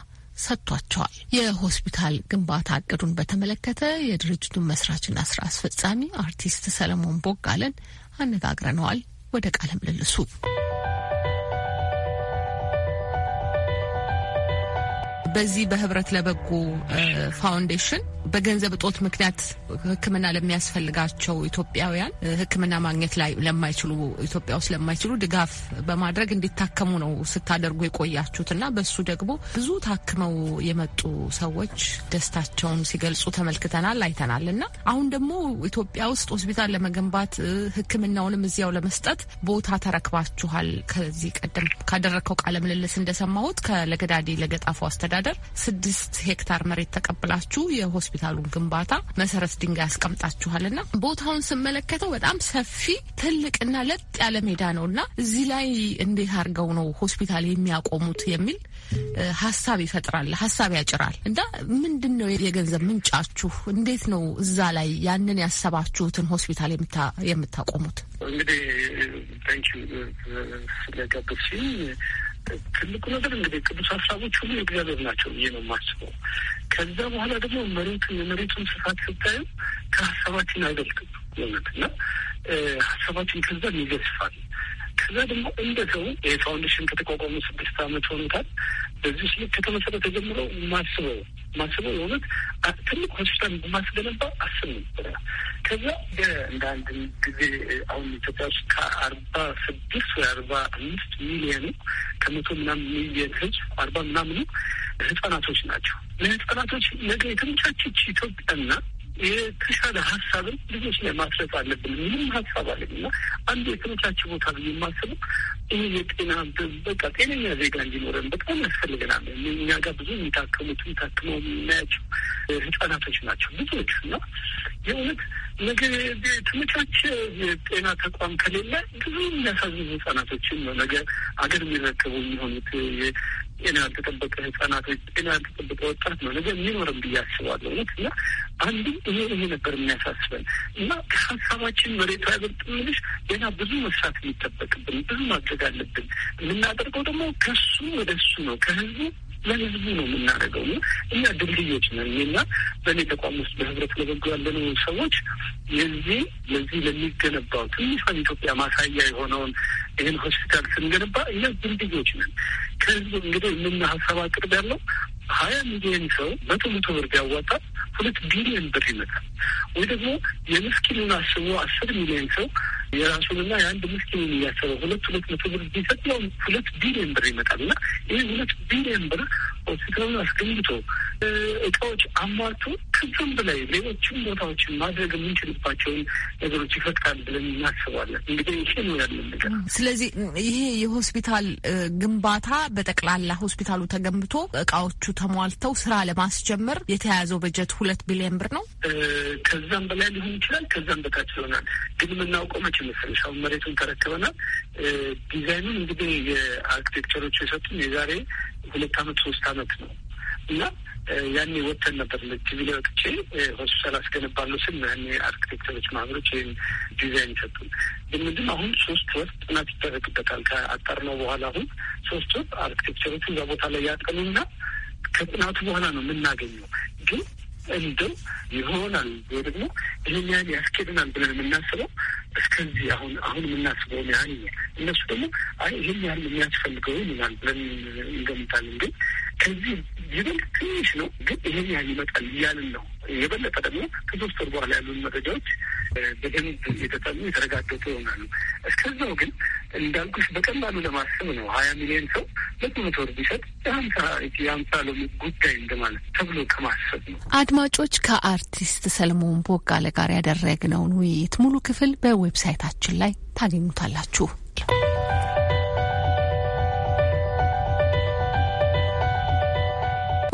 ሰጥቷቸዋል። የሆስፒታል ግንባታ እቅዱን በተመለከተ የድርጅቱን መስራችና ስራ አስፈጻሚ አርቲስት ሰለሞን ቦጋለን አነጋግረነዋል። ወደ ቃለ ምልልሱ በዚህ በህብረት ለበጎ ፋውንዴሽን በገንዘብ እጦት ምክንያት ሕክምና ለሚያስፈልጋቸው ኢትዮጵያውያን ሕክምና ማግኘት ላይ ለማይችሉ ኢትዮጵያ ውስጥ ለማይችሉ ድጋፍ በማድረግ እንዲታከሙ ነው ስታደርጉ የቆያችሁት እና በሱ ደግሞ ብዙ ታክመው የመጡ ሰዎች ደስታቸውን ሲገልጹ ተመልክተናል፣ አይተናል እና አሁን ደግሞ ኢትዮጵያ ውስጥ ሆስፒታል ለመገንባት ሕክምናውንም እዚያው ለመስጠት ቦታ ተረክባችኋል። ከዚህ ቀደም ካደረግከው ቃለ ምልልስ እንደሰማሁት ከለገዳዴ ለገጣፎ አስተዳደር ስድስት ሄክታር መሬት ተቀብላችሁ የሆስፒታል የሆስፒታሉን ግንባታ መሰረት ድንጋይ ና ቦታውን ስመለከተው በጣም ሰፊ ትልቅና ለጥ ያለ ሜዳ ነው እና እዚህ ላይ እንዴት አድርገው ነው ሆስፒታል የሚያቆሙት የሚል ሀሳብ ይፈጥራል፣ ሀሳብ ያጭራል። እና ምንድን ነው የገንዘብ ምንጫችሁ? እንዴት ነው እዛ ላይ ያንን ያሰባችሁትን ሆስፒታል የምታቆሙት? እንግዲህ ንኪ ስለገብሲ ትልቁ ነገር እንግዲህ ቅዱስ ሀሳቦች ሁሉ የእግዚአብሔር ናቸው ብዬ ነው የማስበው። ከዛ በኋላ ደግሞ መሬቱ የመሬቱን ስፋት ስታዩ ከሀሳባችን አይበልጥም እውነት እና ሀሳባችን ከዛ ይገዝፋል ከዛ ደግሞ እንደ ሰው የፋውንዴሽን ከተቋቋሙ ስድስት አመት ሆኖታል። በዚህ ስልክ ከተመሰረተ ጀምሮ ማስበው ማስበው የሆነት ትልቅ ሆስፒታል በማስገነባ አስብ ነበረ። ከዛ እንደ አንድ ጊዜ አሁን ኢትዮጵያ ውስጥ ከአርባ ስድስት ወይ አርባ አምስት ሚሊየኑ ከመቶ ምናምን ሚሊየን ህዝብ አርባ ምናምኑ ህጻናቶች ናቸው። ለህጻናቶች ነገ የተመቻቸች ኢትዮጵያና የተሻለ ሀሳብን ልጆች ላይ ማስረት አለብን። ምንም ሀሳብ አለኝ እና አንዱ የተመቻቸው ቦታ ብዬ የማስበው ይህ የጤና በቃ ጤነኛ ዜጋ እንዲኖረን በጣም ያስፈልገናል። እኛ ጋር ብዙ የሚታከሙት የሚታክመው የምናያቸው ህጻናቶች ናቸው ብዙዎች እና የእውነት ነገር የተመቻቸ የጤና ተቋም ከሌለ ብዙ የሚያሳዝኑ ህጻናቶችን ነው ነገ አገር የሚረከቡ የሚሆኑት ጤና ያልተጠበቀ ህጻናት ወይ ጤና ያልተጠበቀ ወጣት ነው ነገር የሚኖርም ብዬ አስባለሁ። እውነት እና አንዱ ይሄ ይሄ ነበር የሚያሳስበን እና ከሀሳባችን መሬቱ ያበልጥ ምልሽ ገና ብዙ መስራት የሚጠበቅብን ብዙ ማድረግ አለብን። የምናደርገው ደግሞ ከሱ ወደ እሱ ነው ከህዝቡ ለህዝቡ ነው የምናደርገው እና እኛ ድልድዮች ነን እና በእኔ ተቋም ውስጥ በህብረት ለበጎ ያለነው ሰዎች የዚህ ለዚህ ለሚገነባው ትንሿን ኢትዮጵያ ማሳያ የሆነውን ይህን ሆስፒታል ስንገነባ እኛ ድልድዮች ነን። ከህዝቡ እንግዲህ የምና ሀሳብ አቅርብ ያለው ሀያ ሚሊዮን ሰው መቶ መቶ ብር ቢያዋጣ ሁለት ቢሊዮን ብር ይመጣል ወይ ደግሞ የምስኪኑን አስቦ አስር ሚሊዮን ሰው የራሱንና የአንድ ሙስሊም እያሰበ ሁለት ሁለት መቶ ብር ቢሰጥ ያው ሁለት ቢሊዮን ብር ይመጣል እና ይህ ሁለት ቢሊዮን ብር ሆስፒታሉን አስገንብቶ እቃዎች አሟልቶ ከዛም በላይ ሌሎችም ቦታዎችን ማድረግ የምንችልባቸውን ነገሮች ይፈጥቃል ብለን እናስባለን። እንግዲህ ይሄ ነው ያለን ነገር። ስለዚህ ይሄ የሆስፒታል ግንባታ በጠቅላላ ሆስፒታሉ ተገንብቶ እቃዎቹ ተሟልተው ስራ ለማስጀመር የተያዘው በጀት ሁለት ቢሊዮን ብር ነው። ከዛም በላይ ሊሆን ይችላል፣ ከዛም በታች ይሆናል። ግን የምናውቀው መቼ መሰለሽ አሁን መሬቱን ተረክበናል። ዲዛይኑን እንግዲህ የአርክቴክቸሮች የሰጡን የዛሬ ሁለት አመት ሶስት አመት ነው እና ያኔ ወተን ነበር ለቲቪ ወጥቼ ሆስፒታል አስገነባለሁ ስል ያኔ አርክቴክቸሮች ማህበሮች ወይም ዲዛይን ይሰጡን። ግን ምንድን አሁን ሶስት ወር ጥናት ይደረግበታል። ነው በኋላ አሁን ሶስት ወር አርክቴክቸሮቹ እዛ ቦታ ላይ ያጠኑና ከጥናቱ በኋላ ነው የምናገኘው ግን እንደው ይሆናል ወይ ደግሞ ይህን ያህል ያስኬድናል ብለን የምናስበው እስከዚህ አሁን አሁን የምናስበውን ያህል እነሱ ደግሞ አይ ይህን ያህል የሚያስፈልገው ይሆናል ብለን እንገምታለን። ግን ከዚህ ይበልጥ ትንሽ ነው፣ ግን ይህን ያህል ይመጣል እያልን ነው የበለጠ ደግሞ ከሶስት ወር በኋላ ያሉን መረጃዎች በደንብ የተጠኑ የተረጋገጡ ይሆናሉ። እስከዛው ግን እንዳልኩሽ በቀላሉ ለማሰብ ነው። ሀያ ሚሊዮን ሰው መቶ ወር ቢሰጥ የሀምሳ የሀምሳ ሎሚ ጉዳይ እንደማለት ተብሎ ከማሰብ ነው። አድማጮች ከአርቲስት ሰለሞን ቦጋለ ጋር ያደረግነውን ውይይት ሙሉ ክፍል በዌብሳይታችን ላይ ታገኙታላችሁ።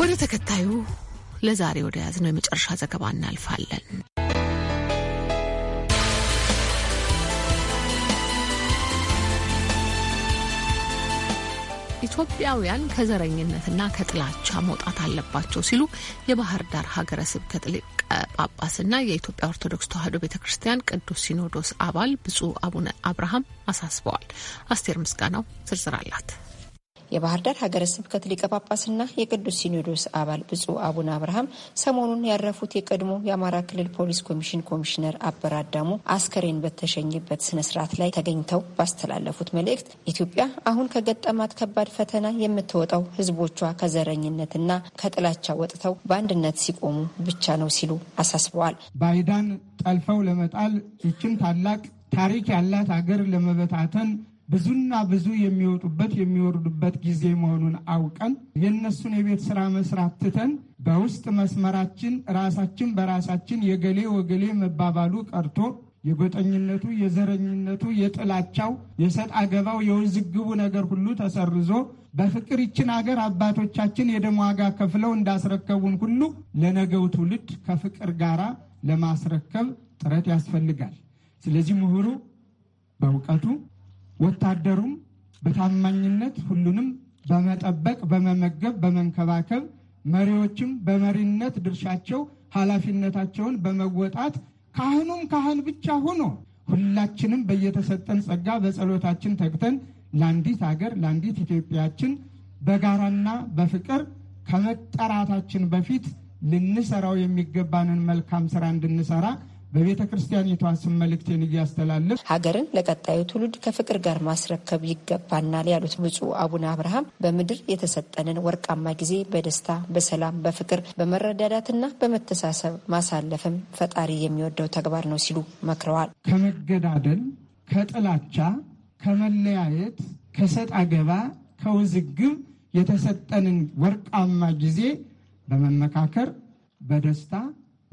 ወደ ተከታዩ ለዛሬ ወደ ያዝነው የመጨረሻ ዘገባ እናልፋለን። ኢትዮጵያውያን ከዘረኝነትና ከጥላቻ መውጣት አለባቸው ሲሉ የባህር ዳር ሀገረ ስብከት ሊቀ ጳጳስና የኢትዮጵያ ኦርቶዶክስ ተዋሕዶ ቤተ ክርስቲያን ቅዱስ ሲኖዶስ አባል ብፁዕ አቡነ አብርሃም አሳስበዋል። አስቴር ምስጋናው ዝርዝር አላት። የባህር ዳር ሀገረ ስብከት ሊቀ ጳጳስና የቅዱስ ሲኖዶስ አባል ብፁዕ አቡነ አብርሃም ሰሞኑን ያረፉት የቀድሞ የአማራ ክልል ፖሊስ ኮሚሽን ኮሚሽነር አበራ አዳሙ አስከሬን በተሸኘበት ስነ ስርዓት ላይ ተገኝተው ባስተላለፉት መልእክት ኢትዮጵያ አሁን ከገጠማት ከባድ ፈተና የምትወጣው ህዝቦቿ ከዘረኝነትና ከጥላቻ ወጥተው በአንድነት ሲቆሙ ብቻ ነው ሲሉ አሳስበዋል። ባይዳን ጠልፈው ለመጣል ይችን ታላቅ ታሪክ ያላት አገር ለመበታተን ብዙና ብዙ የሚወጡበት የሚወርዱበት ጊዜ መሆኑን አውቀን የእነሱን የቤት ስራ መስራት ትተን በውስጥ መስመራችን ራሳችን በራሳችን የገሌ ወገሌ መባባሉ ቀርቶ የጎጠኝነቱ፣ የዘረኝነቱ፣ የጥላቻው፣ የሰጥ አገባው፣ የውዝግቡ ነገር ሁሉ ተሰርዞ በፍቅር ይችን አገር አባቶቻችን የደም ዋጋ ከፍለው እንዳስረከቡን ሁሉ ለነገው ትውልድ ከፍቅር ጋራ ለማስረከብ ጥረት ያስፈልጋል። ስለዚህ ምሁሩ በእውቀቱ ወታደሩም በታማኝነት ሁሉንም በመጠበቅ በመመገብ፣ በመንከባከብ መሪዎችም በመሪነት ድርሻቸው ኃላፊነታቸውን በመወጣት ካህኑም ካህን ብቻ ሆኖ ሁላችንም በየተሰጠን ጸጋ በጸሎታችን ተግተን ለአንዲት ሀገር ለአንዲት ኢትዮጵያችን በጋራና በፍቅር ከመጠራታችን በፊት ልንሰራው የሚገባንን መልካም ስራ እንድንሰራ በቤተ ክርስቲያኒቷ ስም መልእክቴን እያስተላለፍ ሀገርን ለቀጣዩ ትውልድ ከፍቅር ጋር ማስረከብ ይገባናል ያሉት ብፁዕ አቡነ አብርሃም በምድር የተሰጠንን ወርቃማ ጊዜ በደስታ፣ በሰላም፣ በፍቅር፣ በመረዳዳትና በመተሳሰብ ማሳለፍም ፈጣሪ የሚወደው ተግባር ነው ሲሉ መክረዋል። ከመገዳደል፣ ከጥላቻ፣ ከመለያየት፣ ከሰጥ አገባ፣ ከውዝግብ የተሰጠንን ወርቃማ ጊዜ በመመካከር በደስታ፣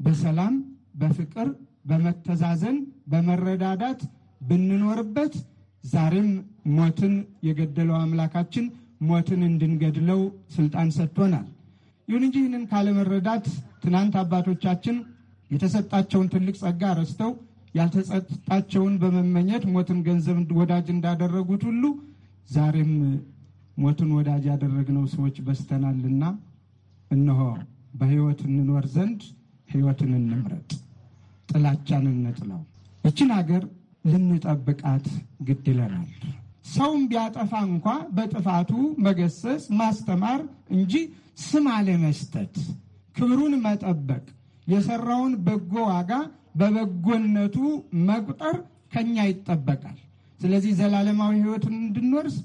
በሰላም፣ በፍቅር በመተዛዘን በመረዳዳት ብንኖርበት ዛሬም ሞትን የገደለው አምላካችን ሞትን እንድንገድለው ስልጣን ሰጥቶናል። ይሁን እንጂ ይህንን ካለመረዳት ትናንት አባቶቻችን የተሰጣቸውን ትልቅ ጸጋ ረስተው ያልተሰጣቸውን በመመኘት ሞትን ገንዘብ ወዳጅ እንዳደረጉት ሁሉ ዛሬም ሞትን ወዳጅ ያደረግነው ሰዎች በስተናልና እነሆ በሕይወት እንኖር ዘንድ ሕይወትን እንምረጥ። ጥላቻን እንጥለው። ይችን ሀገር ልንጠብቃት ግድ ይለናል። ሰውም ቢያጠፋ እንኳ በጥፋቱ መገሰስ ማስተማር እንጂ ስም አለመስጠት፣ ክብሩን መጠበቅ፣ የሰራውን በጎ ዋጋ በበጎነቱ መቁጠር ከኛ ይጠበቃል። ስለዚህ ዘላለማዊ ሕይወትን እንድንወርስ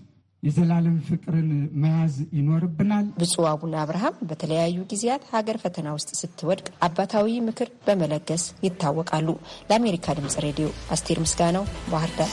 የዘላለም ፍቅርን መያዝ ይኖርብናል። ብፁዕ አቡነ አብርሃም በተለያዩ ጊዜያት ሀገር ፈተና ውስጥ ስትወድቅ አባታዊ ምክር በመለገስ ይታወቃሉ። ለአሜሪካ ድምጽ ሬዲዮ አስቴር ምስጋናው ባህርዳር።